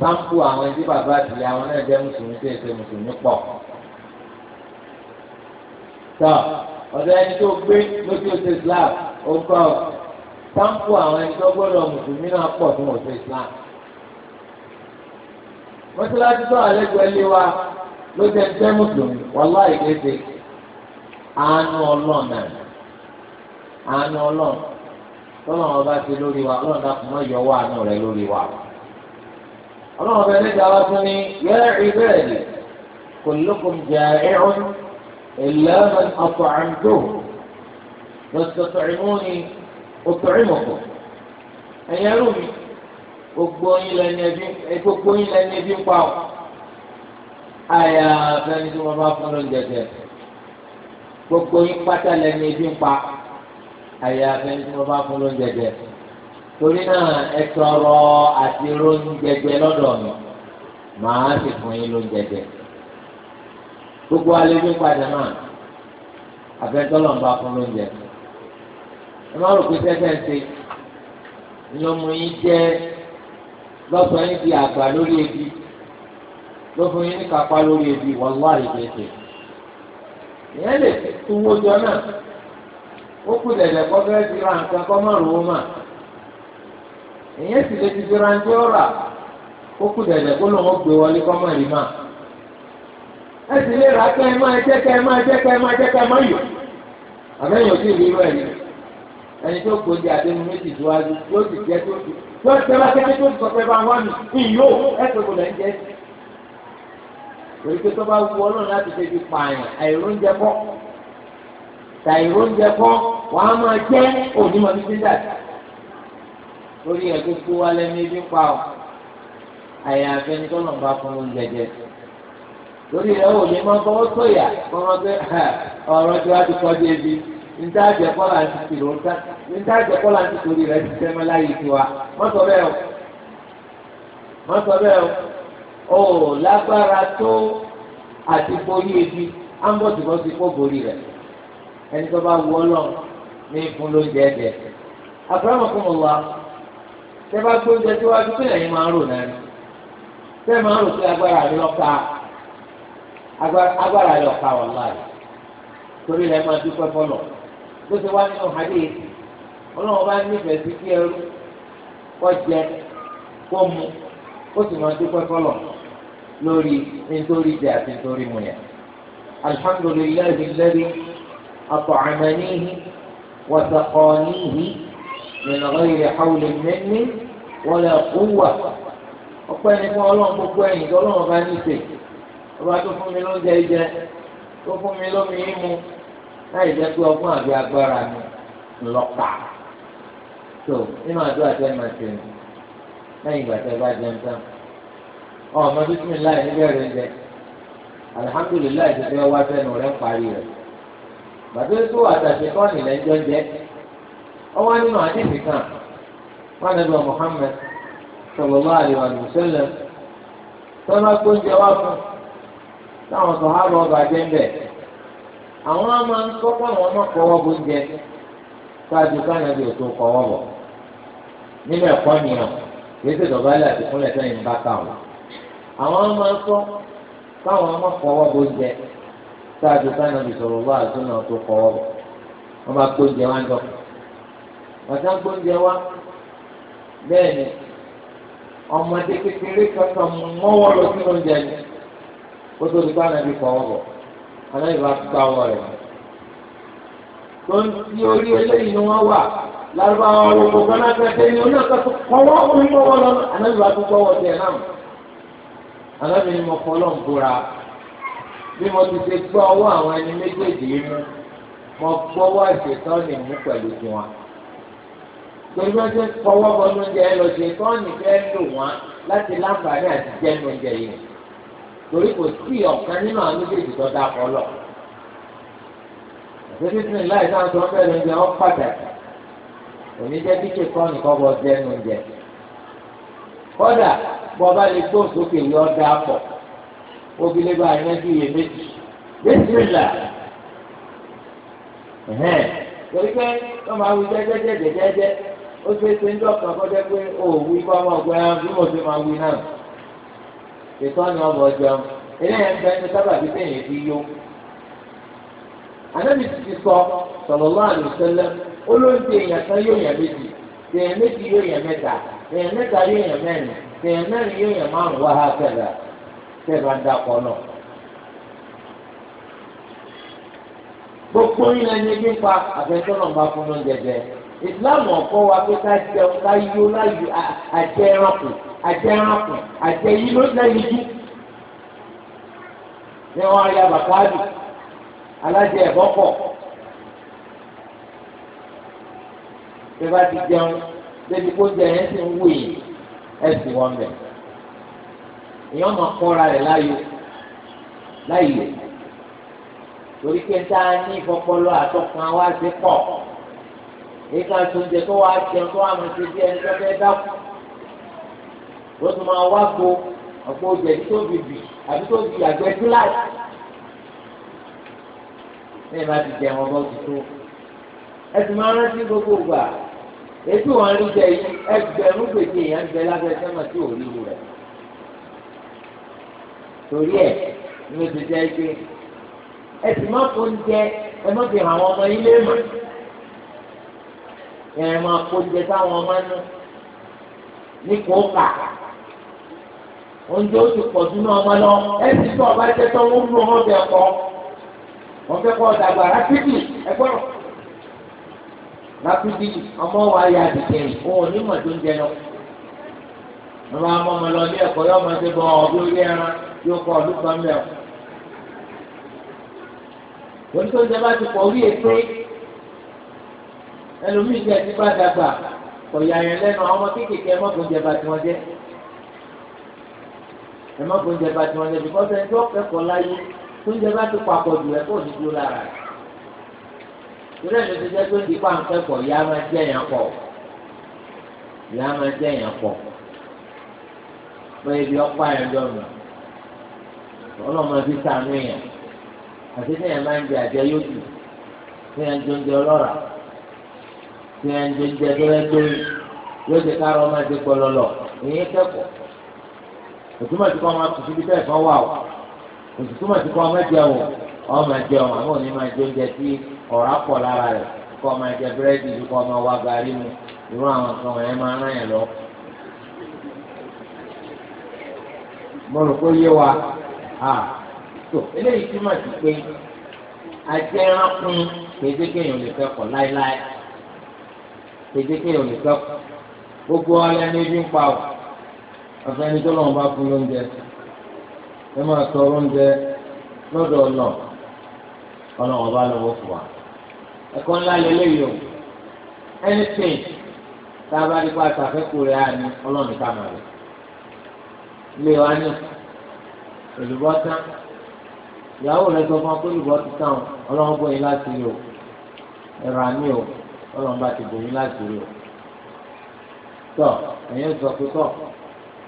sáǹpù àwọn ẹbí bàbá àtìlẹ́ àwọn náà jẹ́ mùsùlùmí tí èsè mùsùlùmí pọ̀ tọ́ ọ̀dọ̀ ẹni tó gbé lójú oṣù Islam ó gbọ́ ọ sáǹpù àwọn ẹni tó gbọ́dọ̀ mùsùlùmí náà pọ̀ tó wọ́n ṣe Islam. mọ́ṣáláṣí tó àlejò ẹlé wa ló jẹ́ jẹ́ mùsùlùmí wàhálà ìgbésẹ̀ àánú ọlọ́ọ̀nà àánú ọlọ́ọ̀nà tọ́lọ́mọ bá ti lórí wa ọlọ́run dákun mọ́ yọ àánú rẹ lórí wa. ọlọ́run bẹ́ẹ̀ ní ìdáwọ́ tún ní yẹ́ ìbéèrè kullukum ja'i'un إلا من أطعمته واستطعموني أطعمكم ẹ̀yin ẹrú mi gbogbo yín lẹni ẹbí gbogbo yín lẹni ẹbí ń pa ọ àyà fẹni tí wọn bá fún ló ń jẹjẹ gbogbo yín pátá lẹni ẹbí ń pa àyà fẹni tí wọn bá fún ló ń jẹjẹ torí náà ẹ tọrọ àti ló ń jẹjẹ lọ́dọ̀ mi màá sì fún yín ló ń jẹjẹ. gbogbo alẹ́ gbé padà náà àfẹ́tọ́lọ̀ ń bá fún lóúnjẹ. ẹ má rò pé tẹ́tẹ́ ṣe ìlọmọ yín jẹ́ lọ́sọ̀ yín di àgbà lórí ebi lọ́sọ̀ yín ní kápá lórí ebi wọ́n wá ìgbésẹ̀. ìyẹn lè tún wójọ náà ó kú dẹ̀dẹ̀
ẹ sì lè rà kẹ́ ẹ máa jẹ́ kẹ́ ẹ máa jẹ́ kẹ́ ẹ máa jẹ́ kẹ́ ẹ máa yọ̀
àbẹ́yìn òsì ìlú rẹ̀ ni ẹni tó gbòdì àdéhùn méjì síwájú yóò sì jẹ́ tó fi yóò sì tẹ́lá kẹ́kẹ́ tó sọ pé bá wà mí ìyó ẹ̀sìn kò lẹ́ ń jẹ́ torí pé tó bá wu ọlọ́run láti ṣe fi pààyàn àìróúnjẹ kọ́ tàìróúnjẹ kọ́ wàá máa jẹ́ òní mọ̀ títí dàdí lórí ẹ̀ gbogbo alẹ́ ní ibi pa ọ́ àyà torí ẹ ò lè máa fọwọ́ sọ̀yà kọ́ wọn pé ọ̀rọ̀ tí wàá ti kọjú ebi níta àjẹkọ́lá ti tì ló ń ta níta àjẹkọ́lá ti torí rẹ ti tẹ́ mọ́láyé tiwa wọ́n sọ bẹ́ẹ̀ o wọ́n sọ bẹ́ẹ̀ o ò lágbára tó àti borí ebi ámbọ̀tìbọ̀tì kó borí rẹ̀ ẹni tó bá wọ lọ ní ìfún ló ń jẹ ẹ̀jẹ̀ àbúrámọ̀ fún mi wá tẹ́ bá gbóúnjẹ tí wàá dúpẹ́ lẹ́yìn máa ń rò náà agbára yọ ká wọn láàyè torí rẹ máa dúpẹ́ fọlọ̀ bó ṣe wá nínú hadith ọlọ́run bá nífẹ̀ẹ́ sí kí ẹrú kó jẹ kó mu ó sì máa dúpẹ́ fọlọ̀ lórí nítorí jẹ àti nítorí mu yẹn alhamdulillahi alladhi at'amanihi wa saqanihi min ghayri hawlin minni wala fún ọlọ́run gbogbo ẹ̀yìn tó ọlọ́run bá ọba tó fún mi lóúnjẹ jẹ tó fún mi lómi mímu láì jẹ pé ọgbọ́n àbí agbára mi ńlọpa tó nínú àdó àtẹ máa ṣe ìgbà tẹ bá jẹun tán ọmọ bísí láì níbẹ̀ rẹ jẹ alihamudulilayi ti fẹ́ wá sẹ́nu rẹ̀ ń parí rẹ̀ bàtú tó àtàṣe kọ́ọ̀nì lẹ́jọ́ jẹ ọwọ́ nínú àdìsí kan wọn nàbẹ Muhammad sallallahu alaihi wa sallam tọ́lá gbóúnjẹ wá fún un. táwọn sọ̀hábọ̀ ọba jẹ́ ń bẹ̀. àwọn máa ń kọ́ fáwọn ọmọ kọ́wọ́ bó ń jẹ ṣáàjú káyọ̀ bí òtún kọ́wọ́ bọ̀. nínú ẹ̀kọ́ nìyàn kì í ṣe dọ̀bálẹ̀ àti fúnlẹ̀ sẹ́yìn bá káwọn. àwọn máa ń kọ́ fáwọn ọmọ kọ́wọ́ bó ń jẹ ṣáàjú káyọ̀ bí sọ̀rọ̀ bá àtúnà tó kọ́wọ́ bọ̀. wọ́n máa gbóúnjẹ wá wá bẹ́ẹ̀ ni ọmọdé kékeré kótó ti bá nàbí kọ́ wọn bọ̀ anáyìí bá gbà wọn rẹ̀. tó ń ti orí eléyìí ni wọ́n wà lárúbáwá olùkọ́ kánákàtẹ́ ni oní àkàtọ́ kọ́wọ́ onígbọ́wọ́ lọ anáyìí bá gbọ́ wọ́n tiẹ̀ náà. anábì ni mo fọ́ lọ́n búra bí mo ti ṣe gbọ́ ọwọ́ àwọn ẹni méjèèjì yìí mú mo gbọ́wọ́ ìṣètọ́ ni mú pẹ̀lú tiwọn. pẹ̀lú ẹjẹ́ kọ́wọ́ bọ́nú jẹ́ lọ ṣètọ́ ni fẹ́ lò wọ́n láti láǹfààní àti jẹ́nu oúnjẹ yìí torí kò sí ọ̀kan nínú àwọn méjèèjì tó dá kọ́ lọ. àti bísí láì náà tó ń bẹ̀rẹ̀ oúnjẹ wọn pàtàkì òní jẹ́ bí kékeré nìkan bọ́ jẹ́ oúnjẹ. kódà bọ́ bá lè gbó sókè yọ ọ́ dá pọ̀ obì lè bá ẹ̀rẹ́jú iye méjì bísímìlà. torí pé wọ́n máa wí jẹ́jẹ́jẹ́jẹ́jẹ́ ó ṣe é ṣe ń dọ̀kan kọ́jẹ́ pé òòwú ikọ́ ọmọ ọ̀gbẹ́ bí mo ṣe máa wí náà. ètò ọ̀nà ọmọ ọjọ́ eléyà ń bẹ ẹni sábà bíi téèyàn fi yó. ànábì ti ti sọ sallallahu alaihi wasallam olóńtì èèyàn kan yóò yàn méjì èèyàn méjì yóò yàn mẹ́ta èèyàn mẹ́ta yóò yàn mẹ́rin èèyàn mẹ́rin yóò yàn márùn ń náà. gbogbo yín pa bá fún ọ̀kọ́ wa pé ká jẹun ká yó ẹranko. àjẹrànkù àjẹyí ló lẹ́yìn jù ní wọn ayé abàkáàdù alájẹ ẹ̀bọ́kọ tí a bá ti jẹun débi kó jẹ yẹn sì ń wù yìí ẹsìn wọn bẹ èèyàn máa kọ́ra rẹ̀ láyò láyò torí pé tá a ní ìfọpọlọ àtọkùn wa ti pọ̀ èyí ká tó ń jẹ tó wàá jẹun tó wàá mú ti bí ẹni tó fẹ́ dákú wọ́n tún máa wá gbo ọ̀pọ̀ ojú ẹ̀dí tó bìbì àbí tó di àgbẹ̀ gíláàsì. bẹ́ẹ̀ bá ti jẹ àwọn ọmọ tuntun ẹ ti máa rántí gbogbo gbà ètò wọn rí jẹ yìí ẹgbẹ̀rún gbèsè yẹn ń bẹ lábẹ́ sẹ́mà tí ò ríru rẹ̀. torí ẹ̀ ni o ti jẹ́ pé ẹ sì má kó oúnjẹ ẹ má fi àwọn ọmọ ilé mọ̀ ẹ má kó oúnjẹ sáwọn ọmọ náà ní kó kà oúnjẹ ó ti pọ̀ jù náà ọmọ lọ ẹ̀sìn tó ọba jẹ́ tó ń lu ọmọdé ẹ̀kọ́ wọ́n fẹ́ kọ́ dàgbà rápídì ẹgbọ́n rápídì ọmọ wa ya dìde òun onímọ̀ tó ń jẹ lọ. ọmọ ọmọ ọmọ lọ ní ẹ̀kọ́ yóò máa ṣe bọ ọdún ilé ẹran yóò kọ́ ọdún kan mẹ́ọ̀. oní tó ń jẹ bá ti pọ̀ orí ètò ẹlòmíì jẹ́ ti bá dàgbà kọ̀yà yẹn lẹ́nu àwọn kéékèèké ẹmọ́kùnjẹ ẹ má kó oúnjẹ bá ti wọn lẹ́bi kọ́sẹ́ ẹni tó kẹ́kọ̀ọ́ láyé tó oúnjẹ bá ti papọ̀ jù ẹ̀ kó ní dúró lára rẹ̀ torí ẹni tó jẹ́ tó ń di pa ń kẹ́kọ̀ọ́ ìyá máa jẹ́ èèyàn pọ̀ ìyá máa jẹ́ èèyàn pọ̀ bẹ́ẹ̀ bí ọ̀pá ẹ̀ lọ́nà ọlọ́mọ fi sànú èèyàn àti ní ẹ̀ máa ń jẹ àjẹ yóò tù ní ẹ̀ ń jẹ oúnjẹ ọlọ́ra ní ẹ̀ ń jẹ oúnjẹ tó yóò òtúmọ̀ tí kò máa tùtù bí tẹ̀ kan wà o òtúmọ̀ tí kò máa jẹ o ọ máa jẹ o àmọ́ òní máa jẹ oúnjẹ tí ọ̀rá pọ̀ lára rẹ̀ kò máa jẹ búrẹ́dì kò máa wá garí mu irú àwọn kan wọ̀nyẹn máa rán yẹn lọ. mo rò pé yé wa a tó eléyìí túmọ̀ sí pé ajẹ́ ránkún kéékèèyàn lè fẹ́ kọ̀ láéláé kéékèèyàn lè fẹ́ kọ̀ gbogbo ọlẹ́ni bí ń pa o afẹ́ni tó lọ́wọ́ bá fún lóúnjẹ ẹ máa tọ oúnjẹ lọ́dọ̀ ọ̀nà ọlọ́wọ́ bá lọ́wọ́ fún wa ẹ̀kọ́ ńlá lélẹ́yìí o anything tá a bá nípa àtàfẹ́kù rẹ̀ á ní ọlọ́ọ̀nì ká máa rẹ̀ ilé wa ní olùbọ́ tán ìyàwó rẹ̀ sọ fún akólùbọ́ ti tán ọlọ́wọ́ bóyin láti rí o ẹ̀rọ àmì o ọlọ́wọ́ bá ti bóyin láti rí o tọ́ ẹ̀yẹ́ sọ pé tọ́.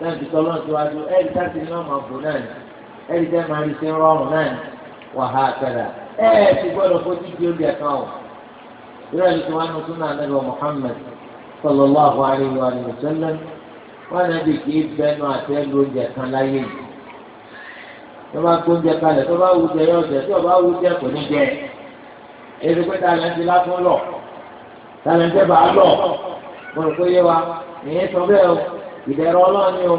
náà ti tọ́ lọ́nà síwájú ẹ̀rí táàtì ní ọmọ ọ̀bùn náà ni ẹ̀rí tẹ́ máa rí sí rọrùn náà ni wàhá àkàrà gbọ́dọ̀ fojú di ẹ̀ka o ìrọ̀ ni tiwọn nù súnà anábìwọ̀ Muhammad sallallahu alayhi wa sallam wọn nàbì kì í bẹnu àtẹ lu oúnjẹ kan láyé yìí tó bá gbóúnjẹ kalẹ̀ tó bá ìbẹ̀rù ọlọ́run ni o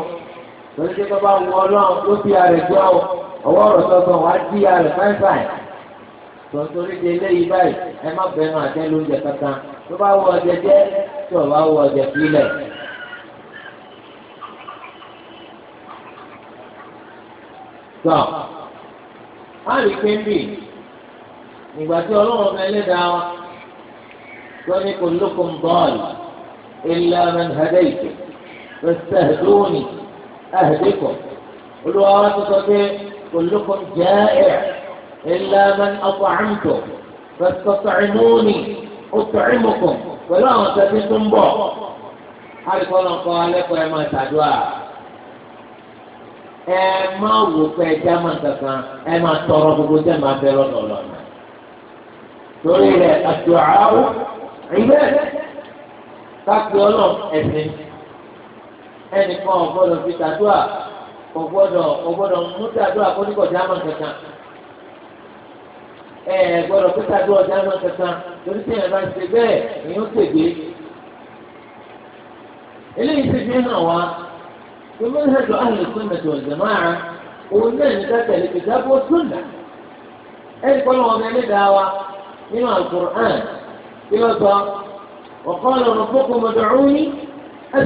torí pé tó bá wù ọlọ́run ló fi o ọwọ́ ọ̀rọ̀ sọ̀tàn wá dí àrẹ̀ fáìfáì tòǹtòrí di eléyìí báyìí ẹ má bẹnu àtẹ́ lóúnjẹ kankan tó bá wù ọjẹ jẹ tí ò bá wù ọjẹ sílẹ̀. tọ́ a ìgbà tí ọlọ́run ọmọ ẹlẹ́dàá wọn ní kò lókun bọ́ọ̀lù ọmọ فاستهدوني أهدكم قلوا أرادك كلكم جائع إلا من أطعمتم فاستطعموني أطعمكم ولا تجدون بعض حيث قال يا ما تدعوا اما وقع ما كان اما تربو جمع, جمع فرد الله تريد الدعاء عباده تقول لهم ẹnìkan ọ̀gbọ́dọ̀ fi tàdúà ọ̀gbọ́dọ̀ ọ̀gbọ́dọ̀ mú tàdúà kó nígbà kankan ẹ gbọ́dọ̀ fi tàdúà ọ̀dà kankan torí tí ẹ̀ bá bẹ́ẹ̀ ìyẹn ó tègbé eléyìí ti fi hàn wá òun náà ní ká tẹ̀lé ẹnì kan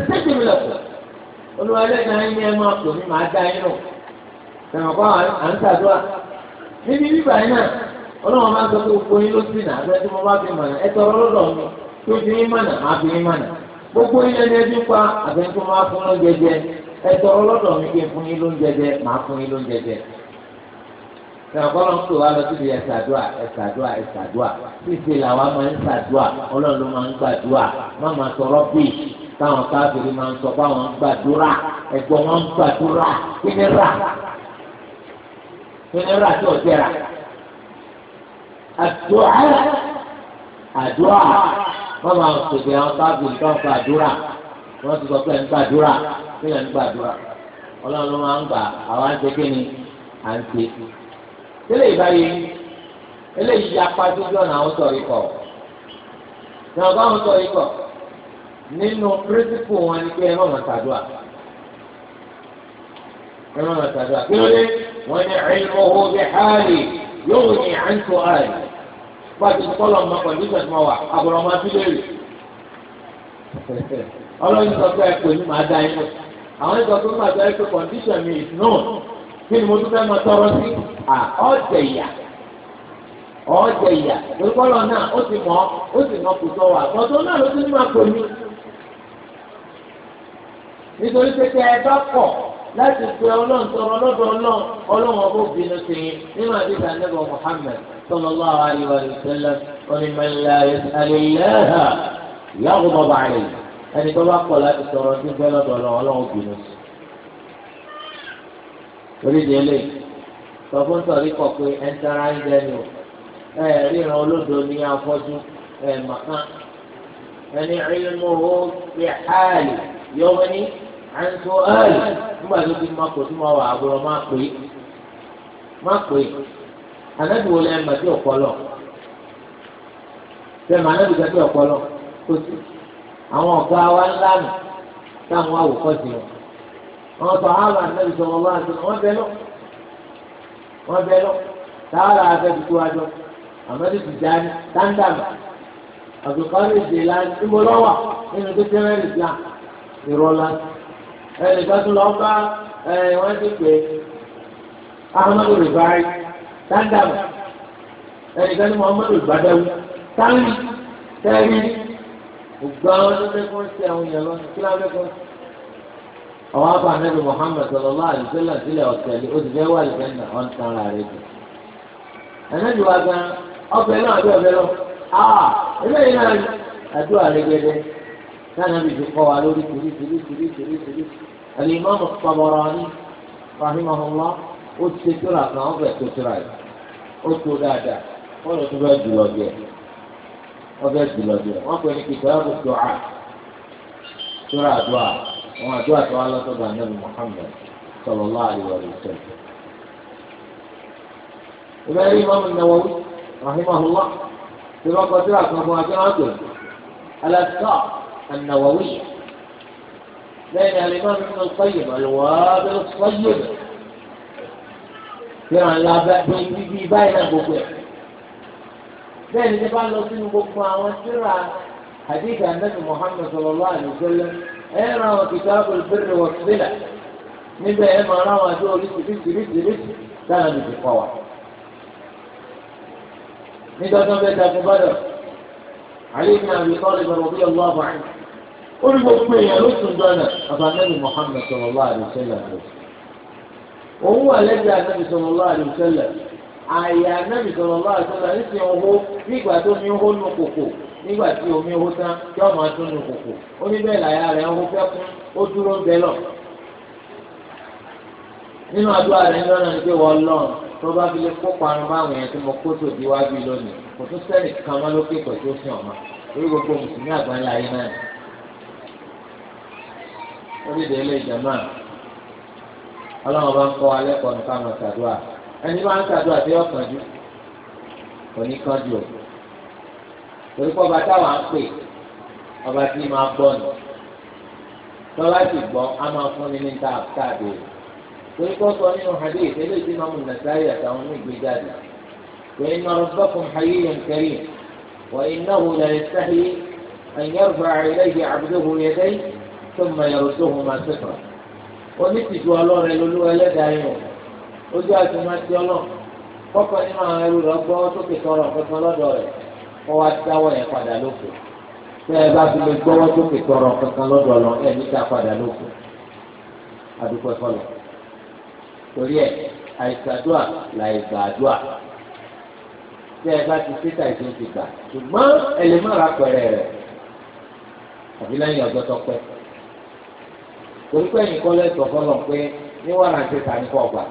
olúwa ẹlẹ́dàá yín ẹ máa pò mí màá dá yín nù ẹ̀wọ̀n kọ́ à ń ṣàdúrà níbi bíbà yín náà ọlọ́run máa ń sọ pé gbogbo yín ló sì nà tí mo bá fi mọ̀nà ẹ tọrọ lọ́dọ̀ mi tó fi yín mọ̀nà fi yín mọ̀nà gbogbo yín ẹni ẹbí pa tó máa fún jẹjẹ ẹ tọrọ lọ́dọ̀ mi kí n fún yín ló ń jẹjẹ fún yín ló ń jẹjẹ kọ́ táwọn káfíìrì máa ń sọ pé àwọn ń gbàdúrà ẹ̀gbọ́n wọn ń gbàdúrà kíni rà kíni rà tí ò jẹrà àdúrà àdúrà wọn máa ń pèsè àwọn káfíìrì tó ń gbàdúrà wọn ti sọ pé ń gbàdúrà kíni ń gbàdúrà ọlọ́run máa ń gbà àwọn àti kíni à ń ṣe. tẹ́lẹ̀ ìbáyé eléyìí apá tó jọ̀nà àwọn sọ̀rọ̀ ikọ̀ ní ọgá àwọn sọ̀rọ̀ ikọ̀. nínú pírísìpù wọn ni pé ẹ má máa ṣàdúrà ẹ má máa ṣàdúrà kí ló dé wọn ní ilmuhu bi hali yóò ní àǹtó àlè pàtó kọlọ̀ mọ kọ̀ǹdíṣọ̀n mọ wà àbọ̀rọ̀ máa fi léèrè ọlọ́run sọ pé ẹ ní màá dá yín lọ àwọn tó máa kọ̀ǹdíṣọ̀n mi is known kí ni mo tún fẹ́ máa tọrọ sí ọ̀jẹ̀ ìyà ọ̀jẹ̀ ìyà náà ó ti mọ̀ ó sì mọ̀ kò sọ wà náà nítorí pé tẹ ẹ bá kọ̀ láti pe ọlọ́run tọrọ lọ́dọ̀ ọlọ́run ọlọ́run ọgbọ́n bínú sí i nínú àdìsá nẹ́bọ̀ Muhammad sallallahu alaihi wa sallam onímọ̀lá àlèléhà yàgò bàbá rẹ̀ ẹni tó bá kọ̀ láti tọrọ sí pé lọ́dọ̀ ọlọ́run ọlọ́run bínú sí i. orí délé sọ fún sọ̀rí kọ̀ pé ẹ̀ ń tara ń dẹnu ẹ̀ ríran olódo ní afọ́jú ẹ̀ màkàn ẹni ìlmù ó fi hàlì àǹtó ẹ̀ẹ́lì nígbà tó ti máa kò tí mo wà àbúrò máa pè é máa pè é ànábì wo lẹ́yìn màtí ọ̀pọ̀lọ sẹ́mi ànábì gẹ́gẹ́ bí kò sí àwọn ọ̀gá wa ńlá nù táwọn wọn wọn sọ àwọn ànábì sọ wọn wá sí wọn bẹ lọ wọn bẹ lọ táwọn afẹ́ jọ àmọ́tí ní ìdè ìmọ̀lọ́wà nínú ẹnìkan tó lọ bá wọ́n ahmadu muhammadu gbadawu sáyìn tẹ́rí ògbà wọn tó fẹ́ kún sí àwọn èèyàn lọ́nà kí láwọn fẹ́ kún àwọn muhammad ọ̀tẹ̀lẹ̀ ó ti fẹ́ tán ara jù. wa gan ọbẹ̀ náà ọbẹ̀ lọ. Ah, náà كان من قوالوا لي كذي كذي كذي كذي كذي الإمام الطبراني رحمه الله قدس ترى كان قدس ترى قدس دادا قالوا تبعد لوجه وبعد لوجه وأقول كتاب الدعاء ترى دعاء وما دعاء الله تبع النبي محمد صلى الله عليه وسلم إذا الإمام النووي رحمه الله في وقت ذلك ما هو أذكار النووية لأن الإمام ابن القيم الوابل الطيب يعني لا بأس به بين البطيخ لأن الإمام المسلم بكما وشرع حديث النبي محمد صلى الله عليه وسلم أرى إيه كتاب البر والصلة من بين إيه ما روى جو لسه لسه لسه لسه كان من القواعد من دون بيت أبو بدر علي بن أبي طالب رضي الله عنه ó ní gbogbo èèyàn ló sùn dọ́nà àbámẹ́lì Muhammad sallallahu alaihi wasallam òun wà lẹ́gbẹ̀ẹ́ anábì sallallahu alaihi wasallam àyà anábì sallallahu alaihi wasallam ní ti ọwọ́ nígbà tó ní hó nù kòkò nígbà tí omi hó tán tí ọmọ tó nù kòkò ó bẹ́ẹ̀ làyà rẹ̀ ń hó ó dúró bẹ́ẹ̀ lọ. nínú rẹ̀ lọ́nà ní pé wọ́n lọ́n tó bá fi lè báwọn orílẹ̀ èlé ìjàmá ọlọ́run bá ń kọ́ alẹ́ kọ́ nípa àwọn ṣàdúrà ẹni máa ń ṣàdúrà tí yóò kánjú kò ní kánjú o torí pé ọba táwa ń pè ọba tí máa gbọ́ nù tọ́lá sì gbọ́ á máa fún ni ní táàbù torí pé ó sọ nínú hadith eléyìí tí Imam Nasa'i àtàwọn ní ìgbéjáde wa inna rabbakum hayyun karim wa innahu la yastahyi an yarfa'a ilayhi 'abduhu yadayhi. ثم يردهما صفرا onítìjú ọlọ́run lolúwa ẹlẹ́dàá yẹn ojú àti máa ti ọlọ́run kọ́kọ́ nínú àwọn ẹrú rẹ̀ gbọ́ sókè tọrọ kankan lọ́dọ̀ rẹ̀ kọ́ wa dáwọ́ yẹn padà lóko tẹ́ ẹ bá fi lè gbọ́wọ́ sókè tọrọ kankan lọ́dọ̀ lọ ẹ̀ níta padà lóko àdúgbò ẹ̀fọ́lọ̀ torí ẹ̀ àìsàdúà làì gbàdúà tẹ́ ẹ bá ti síta ìdúró ti gbà ṣùgbọ́n ẹ lè má ra pẹ̀rẹ̀ rẹ̀ àbí lẹ́yìn ọjọ́ tó pẹ́ torí pé ẹ̀yìn kọ́ lẹ́tọ̀ fọlọ́ pé níwọ̀n àti ìta ní kọ́ gbà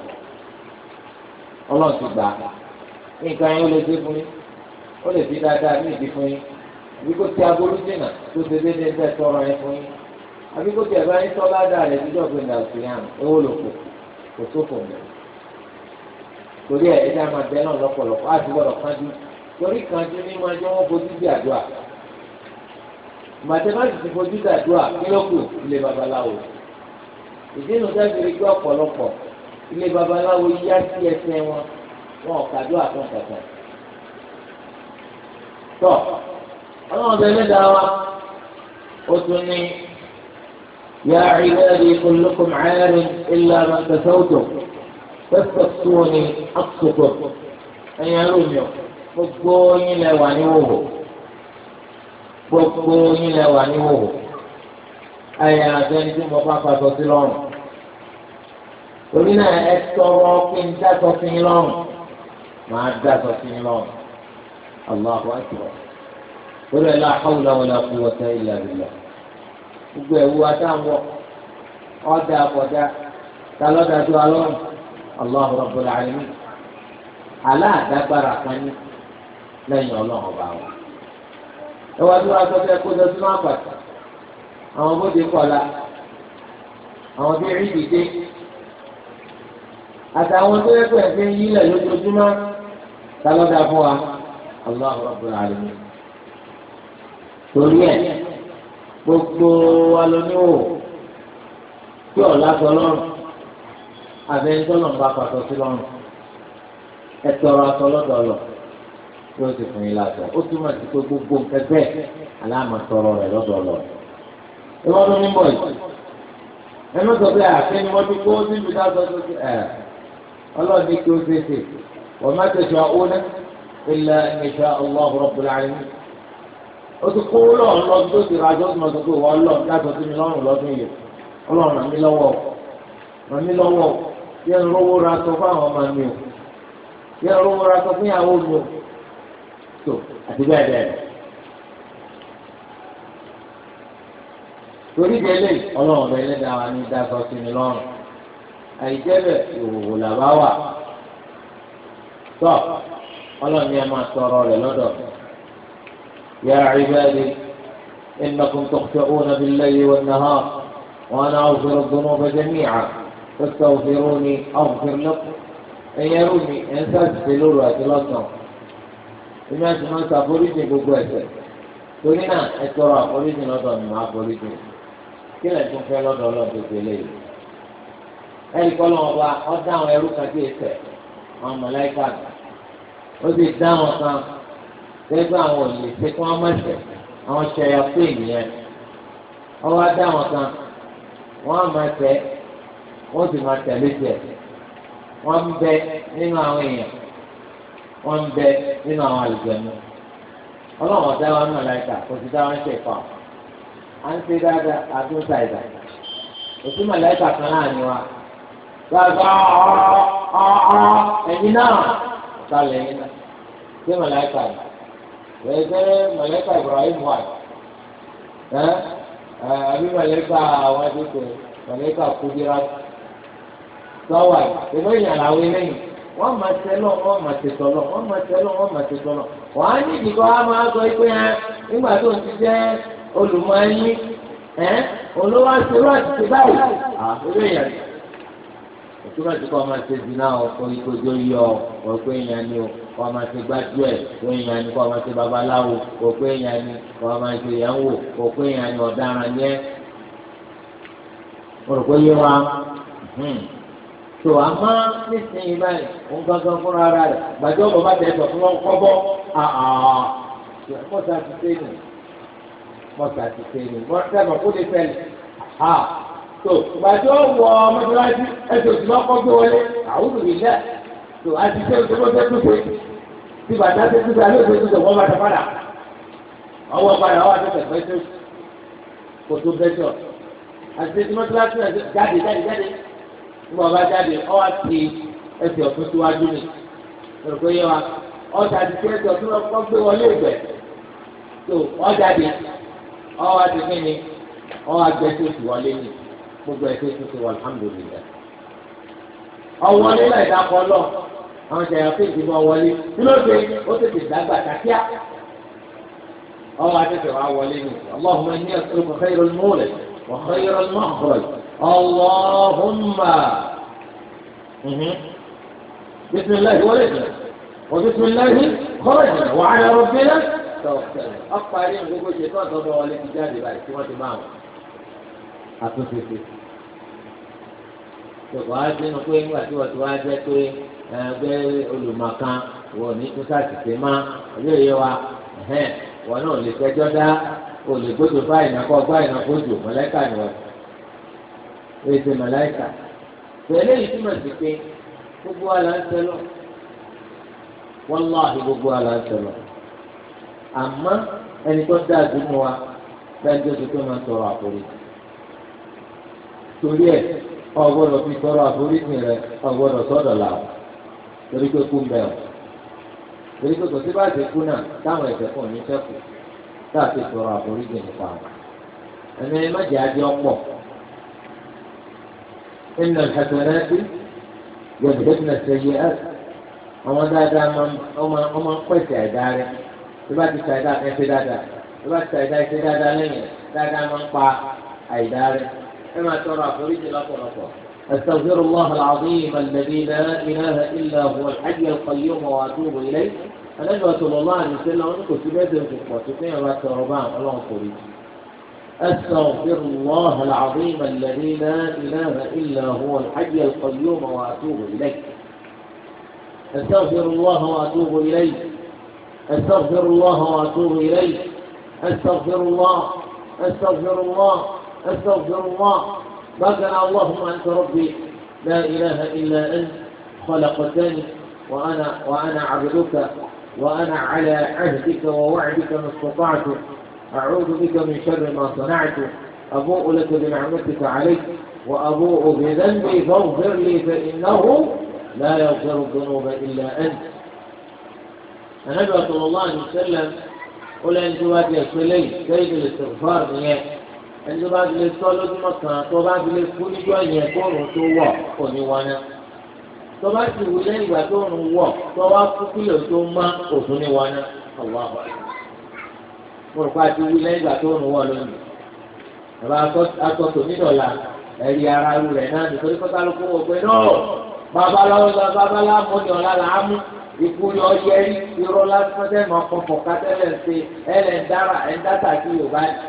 ọlọ́run ti gbà nǹkan yẹn ó lè dé fún yín ó lè fi dáadáa ní ìdí fún yín àbí kó ti aburú dènà tó ṣe déédéé ń bẹ́ẹ̀ tọrọ yẹn fún yín àbí kó ti ẹ̀bá yín tọ́ ládàá rẹ̀ dídọ̀ pé nà òsì yàn owó lò kù kò sófò mọ́ torí ẹ̀ ẹ̀dá máa bẹ́ẹ̀ náà lọ́pọ̀lọpọ̀ á ti gbọ́dọ̀ kánjú torí kánjú ní máa jẹ́ wọ́n fojú bí àdúrà màtẹ́mátì ti fojú bí àdúrà kí ló ilé babaláwo ìdí inú sẹ́fìrí pé ọ̀pọ̀lọpọ̀ ilé babaláwo yá sí ẹsẹ̀ wọn wọn ò kàdó àtún kàtà. tọ́ ọlọ́run bẹ ní dáwà ó tún ní يا عبادي كلكم عار إلا من كسوته فاستفتوني أقصكم أن يروني gbogbo yín lẹ wà níwòwò gbogbo yín lẹ wà níwòwò ẹ̀yà àti ẹni tí mo bá pàṣọ sí lọ́rùn. torí náà ẹ tọrọ kí n dáṣọ sí yín lọ́rùn máa dáṣọ sí yín lọ́rùn. ẹ̀ illa billah. gbogbo ẹ̀wù adáwọ̀ ọ̀dà àkọ́dá talọ́dà tó Allahu rabbul alamin. aláàdágbára kan ní lẹ́yìn ọlọ́run ọba wọn. ẹ wá tó kó lọ àwọn ọmọdé kọlá àwọn tó rí dìde àtàwọn tó yẹ kó ẹgbẹ́ yílẹ̀ lójoojúmọ́ ta ló dáa fún wa Allahu Rabbul Alamin torí ẹ gbogbo wa ló ní wò tí ọ̀la sọ lọ́rùn abẹ́ni tó lọ́nà bá pàtó sí lọ́rùn ẹ tọrọ aṣọ lọ́dọ̀ tí ó sì fún yín lásán ó túmọ̀ sí pé gbogbo nǹkan aláàmọ̀ tọrọ rẹ̀ lọ́dọ̀ ìwọ́n ló ní bọ̀ yìí ẹnu sọ pé àti ni wọ́n ti kó síbi ká sọ pé ẹ ọlọ́run ní kí ó ṣe ṣe wọ́n má tẹ̀sọ̀ owó náà ilẹ̀ ìṣẹ́ ọlọ́run rọ̀bù láàrin ó ti kó lọ́run lọ tó ti rajọ́ tó máa sọ pé wọ́n lọ láti ọtí mi lọ́rùn lọ́dún yìí ọlọ́run ràn mí lọ́wọ́ ràn mí lọ́wọ́ yẹ ń rówó ra sọ fún àwọn ọmọ mi torí délé ọlọ́run ọ̀rẹ́ ẹlẹ́dàá wa ní dáàbọ̀ sí mi lọ́rùn àìjẹ́bẹ̀ ìwòwò làbá wà tọ́ ọlọ́run ni ẹ máa tọrọ rẹ̀ lọ́dọ̀ yà ìbáde إنكم تخطئون بالليل والنهار وأنا أغفر الذنوب جميعا فاستغفروني أغفر لكم أن يروني أن تسبلوا وأتلصوا إما أنتم تقولون بقوة تقولون أترى قولون لدى ما قولون kí lè tún fẹ́ lọ́dọ̀ ọlọ́dún tó lé yìí ẹnì kọ́ lọ́wọ́ bá ọ dá àwọn ẹrú kan tí ì tẹ̀ àwọn mọ̀láìkà ó sì dá àwọn kan gbẹ́gbẹ́ àwọn òní ṣe kí wọ́n mọ̀ṣẹ̀ àwọn ṣẹ̀yà fún ènìyàn ọwọ́ dá àwọn kan wọ́n á máa tẹ̀ wọ́n sì máa tẹ̀lé tẹ̀ wọ́n ń bẹ nínú àwọn èèyàn wọ́n ń bẹ nínú àwọn àlùjẹ̀mú ọlọ́wọ́ dá wọn mọ̀láìkà kò sì dá wọn ṣẹ̀fà ọ̀ à ń ṣe dáadáa àtúnṣe àìdá òtún mọ̀lẹ́kà kan láàrin wa gbàgbà ọ̀ọ́ ẹ̀yin náà ọ̀tá lẹ́yìn náà ṣé mọ̀lẹ́kà yìí wẹ́ẹ́ ṣe mọ̀lẹ́kà Ibrahim wà ẹ́ àbí mọ̀lẹ́kà àwọn àdúgbò mọ̀lẹ́kà kúndínlá sọ́wà yìí ìlú ìyànláwé lẹ́yìn wọ́n máa tẹ lọ wọ́n máa tẹ tọ lọ wọ́n máa lọ wọ́n máa tẹ lọ wọ́n á ní ìdìbò olùmọ̀ ẹ̀yìn ẹ̀ olówó àṣírò àti báyìí àbúrò yẹn òtúbà tí kò ọmọ ṣe di náà ọkọ ìkójó yọ ọkọ èèyàn ni o kò ọmọ ṣe gbájú ẹ èèyàn ni kò ọmọ ṣe babaláwo ọkọ èèyàn ni kò ọmọ ṣe yẹnwò ọkọ èèyàn ni ọ̀daràn yẹn olùkọ́ yé wa tó a máa nísìnyí báyìí òun gángan fúnra rẹ̀ gbàdúrà bàbá tẹ̀ sọ fún kọ́ mọ̀tà ti ṣe ni wọ́n sẹ́gun kó lè fẹ́lẹ̀. a tó gbàjọ́ wọ mọ́tòlájú ẹ̀sùn tí wọ́n kọ́ gbé wọlé àwùjọ mi lẹ̀ tó a ti ṣe oṣù tó ṣe túnṣe tí bàtà ṣe túnṣe alẹ́ òṣèlú tó wọ́n bàtà padà ọwọ́ padà ọwọ́ àti ẹ̀fẹ́ tó kò tó bẹ́tọ̀ àti tí mọ́tòlájú ẹ̀sùn jáde jáde jáde tí wọ́n bá jáde ọwọ́ àti ẹ̀sùn ọ̀tún síwájú mi lọ́kọ́ yẹ wa ọjà ti ṣe ẹ̀sùn ọ̀tún lọ́kọ́ gbé wọlé ìgbẹ́ tó ọjà dé wọ́n wá ti kíni wọ́n wá gbé tó ti wọlé ní gbogbo ẹ̀ tó ti ti wọ alhamdulilayi. ọwọ́ nílẹ̀ ìdákọ̀ lọ àwọn ìṣẹ̀yà fèjì mọ́ wọlé tí ló dé ó tètè dàgbà kíá. ọwọ́ àtẹ̀tẹ̀ wá wọlé ní ọlọ́hùnmá ní ẹ̀sìn kò xeyìrò múlẹ̀ kò xeyìrò mọ́kùrẹ̀ ọlọ́hùnmá. بسم الله ولدنا وبسم الله خرجنا وعلى ربنا tọ̀kẹ̀lẹ̀ ọ̀parí gbogbo ṣe tó ọ̀dọ́dọ̀ wọlé ti jáde báyìí tí wọ́n ti máa wọ̀ àtúnṣe ṣe. ṣùgbọ́n a ti ń pé nígbà tí wọ́n ti wá jẹ́ pé ẹgbẹ́ olùmọ̀kan wọ̀ ní kúta tètè má ilé yẹ wa wọn náà lè fẹjọ́ dá olè gbódò báyìí náà kọ́ báyìí náà gbódò mọ̀lẹ́kà ni wọ́n ètè mọ̀lẹ́kà. pẹ̀lú èyí túmọ̀ sí pé gbogbo àlà ń wọ́n lọ́ àti gbogbo àlà ń àmọ́ ẹni tó dáa jù mọ́ wa dájọ́ tó tó máa tọrọ àforíjì torí ẹ ọgbọ́dọ̀ fi tọrọ àforíjì rẹ ọgbọ́dọ̀ sọ́dọ̀ làwọn torí pé kú mbẹ́ o torí pé kò sí bá ti kú náà táwọn ẹ̀ṣẹ̀ kò ní ṣẹ́kù tá ti tọrọ àforíjì nípa wọn ẹni ẹ má jẹ́ adé ọ̀pọ̀ ẹnì àtẹnẹ́tì yọ̀dẹ̀ẹ́dì náà ṣe yẹ ẹ́ àwọn dáadáa ọmọ ọmọ pẹ̀sẹ̀ ẹ̀dá rẹ̀. tó bá ti ta ẹ̀dá ẹ ṣe dáadáa tó bá ti ta ẹ̀dá ẹ ṣe dáadáa lẹ́yìn dáadáa máa ń pa àìdá rẹ̀ ẹ máa tọrọ àforíjì lọ́pọ̀lọpọ̀. أستغفر الله العظيم الذي لا إله إلا هو الحي القيوم وأتوب إليه أنا رسول الله عليه وسلم أنك سبيت في قوتين وتربان الله قريب أستغفر الله العظيم الذي لا إله إلا هو الحي القيوم وأتوب إليه أستغفر الله وأتوب إليه أستغفر الله وأتوب إليه أستغفر الله أستغفر الله أستغفر الله بكنا اللهم أنت ربي لا إله إلا أنت خلقتني وأنا وأنا عبدك وأنا على عهدك ووعدك ما استطعت أعوذ بك من شر ما صنعت أبوء لك بنعمتك عليك وأبوء بذنبي فاغفر لي فإنه لا يغفر الذنوب إلا أنت ànábì sallallahu alaihi wasallam ó lẹ́ni tó bá ti ẹ̀pẹ́ lẹ́yìn sẹ́yìn tó lè sọ̀rọ̀ nìyẹn ẹni tó bá ti lè sọ lójúmọ́ kan tó bá ti lè kú níjọ́ yẹn kóòrùn tó wọ̀ kò ní wọn ná tó bá ti wù lẹ́yìn ìgbà tó ń wọ̀ tó wá kú kílò tó má òtún ní wọn ná ọ̀wọ́ àbọ̀ mo rò pé a ti wù lẹ́yìn ìgbà tó ń wọ̀ lónìí bàbá akọ́tò nídọ̀la ẹ̀rí ara rẹ̀ náà nítorí kọ́tà ló kó wọ pé náà babaláwo babaláwo mọ́ni ọ̀la là á mú ikú lọ yẹrí irọ́ lásán tẹ́nu ọkọ̀ fọ̀ká tẹ́lẹ̀ ń ṣe ẹ̀rẹ̀ ń dára ẹ̀ ń dáta sí yorùbá yìí.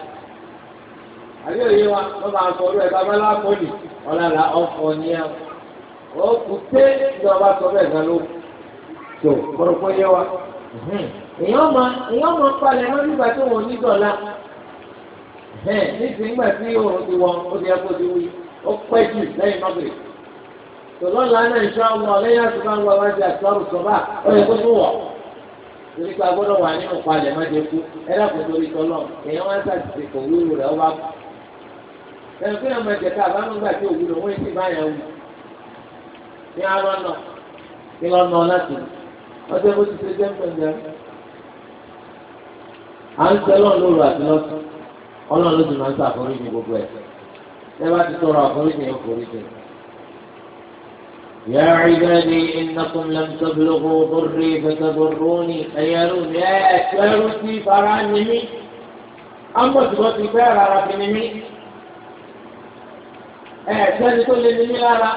àbí òye wa ló máa sọ ọdún ẹ̀ka bá lápòlì ọ̀làlà ọkọ̀ ni ẹ̀ ma kù pé ìjọba sọ bẹ́ẹ̀ gan ló tó kọ́rọ́pọ̀ yẹ wa. èèyàn máa èèyàn máa palẹ̀ mọ́ nígbà tí tòlọ́lá náà ìṣọ́ àwọn na àti bá nwa lọ wájú àti ọ sọ́bà ó yẹ kó tó wọ̀ torí pé agbọ́dọ̀ wà nínú palẹ̀ má jẹ kú ẹ̀dá kò torí tọ́lọ̀ èèyàn ọba kù. ẹ̀rọ pé ọmọ ẹ̀jẹ̀ ká àbámu gbà tí òwúlò nọ
à ń tẹ́ lọ́n lóru àti
lọ́sùn ọlọ́run ló ti máa ń يا عبادي إنكم لم تبلغوا ضري فتضروني أيالون يا أشارتي فرانمي أما تبطي فارا رفنمي أشاري كل مني لارا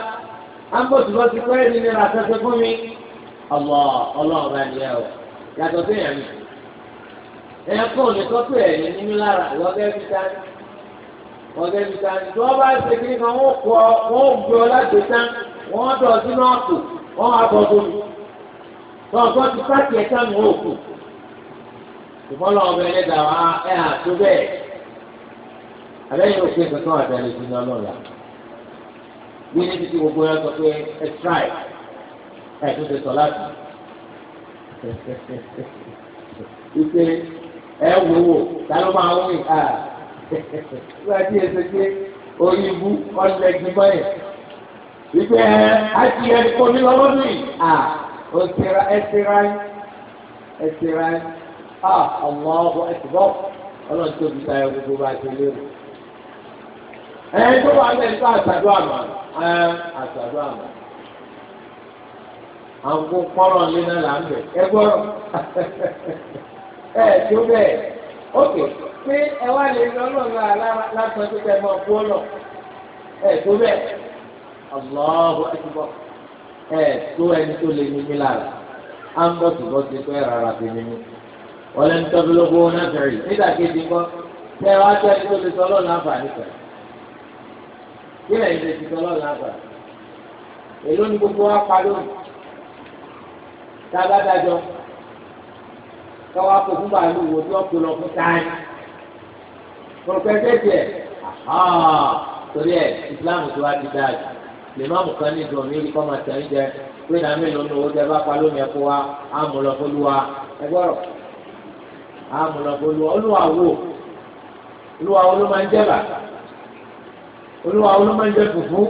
أما تبطي فارا مني رفنمي الله الله بني يا يا تبطي أمي ẹ̀yàn kò ní kọ́ pé ẹ̀yìn nínú lára lọ́gẹ́ bí sáni lọ́gẹ́ bí sáni tí wọ́n dọ̀ sínú ọ̀tò wọ́n wá bọ̀ bómi tọ́gbọ́n ti pàtì ẹ̀ka mi ò kù ṣùgbọ́n lọ́wọ́ bẹ ẹlẹ́dàá wa ẹ̀ àtó bẹ́ẹ̀ àlẹ́yìn òkè kankan àtàlẹ́ sí ní ọlọ́ọ̀la bí ní títí gbogbo ẹ sọ pé ẹ tíráì ẹ tó ti sọ láti ìpè ẹ wò wò ta ló máa wí à wíwájú ẹsẹ pé oyin bú ọlẹ́gbẹ́ báyìí.
ìgbẹ́ àti ẹni kò ní lọ́wọ́ ní a
ọmọ ọkọ ẹtùbọ ọlọ́run tó fi tayọ gbogbo bá ti lérò. ẹ tó wà lẹ́yìn tó àṣàdó àmà ẹ àṣàdó àmà àwọn kọ́rọ̀ náà là ń tó pé Allahu Akbar ẹ tó ẹni tó lè mímí lára á ń bọ̀ tìbọ̀ ti pẹ́ rárá fi mímí wọlé ń tọ́bi lóko náà fẹ̀rẹ̀ nígbà kejì ńkọ́ tẹ wá tẹ ẹni tó lè sọ lọ́nà àǹfààní pẹ̀ kí ẹ̀yin lè ti sọ lọ́nà àǹfààní èló ni gbogbo wa pa lónìí tá a bá dájọ́ káwá kó fún bàálù wo tí wọ́n kó lọ fún táyì pọ̀pẹ́ tẹ̀sí torí ẹ̀ ìsìláàmù tó wá ti dáa jù. lè má mú kan ní ìdùnnú yìí kọ́ máa tẹ̀lé jẹ pé náà mélòó ní owó jẹ bá pa lónìí ẹ̀kọ́ wa àmúlọ̀fọ́lùwà ẹgbọ́rọ̀ àmúlọ̀fọ́lùwà olúwa wo olúwa wo ló máa ń jẹba olúwa wo ló máa ń fùfú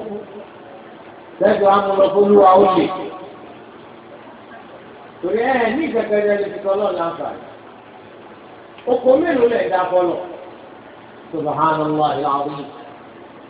ó lè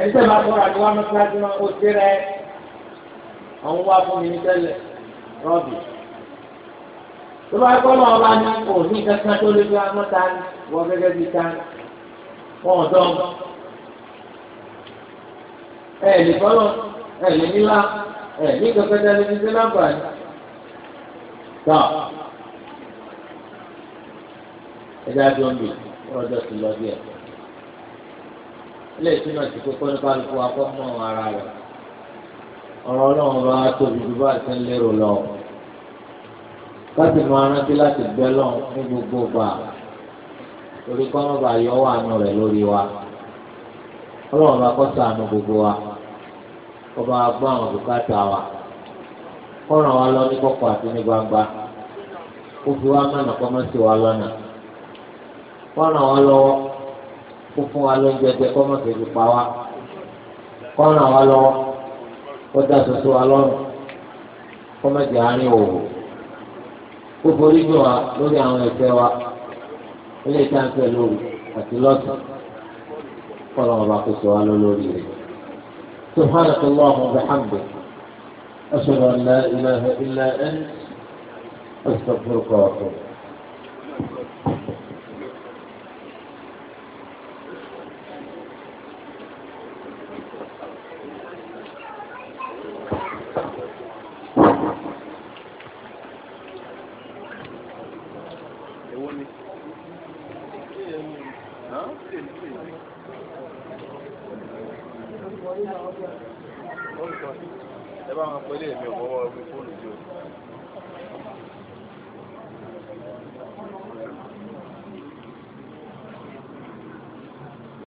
ẹni tẹ́ máa tọ́ra ni wọ́n á mọ́tò láti máa kó sí rẹ̀ àwọn wá fún mi ní tẹ́lẹ̀ rọ́bì.
tó bá kọ́ náà bá ní òní kankan tó lé bí
wọ́n mọ́ta ní wọ́n gẹ́gẹ́ bí ká wọ́n dán.
ẹ lè fọ́lọ́ ẹ lè nílá ẹ ní kankan
tẹ́lẹ̀ ní sí lágbà ní. tọ́ ẹ dáa tó bì ọjọ́ sí lọ bí ẹ̀. ilé ìtumọ̀ sí kókó ní kálukú akọ́mọ ara rẹ̀ ọ̀rọ̀ ọrụ bá tóbi ju bá ti ń lérò lọ máa rántí láti gbẹ́ gbogbo gbà torí yọ wà wa ọlọ́run bá kọ́ sànù gbogbo wa gbọ́ àwọn wa lọ ní kọ́kọ́ àti ní gbangba ó fi wa lọ́nà lọ́wọ́. kó fún wa lóúnjẹ jẹ kó má fèjì pa wa kó ràn wá kó dá soso wa kó má jẹ àárín òwò kó forí lórí àwọn wa àti kó kó so wa lórí rẹ̀ سبحانك اللهم وبحمدك أشهد أن لا إله إلا أنت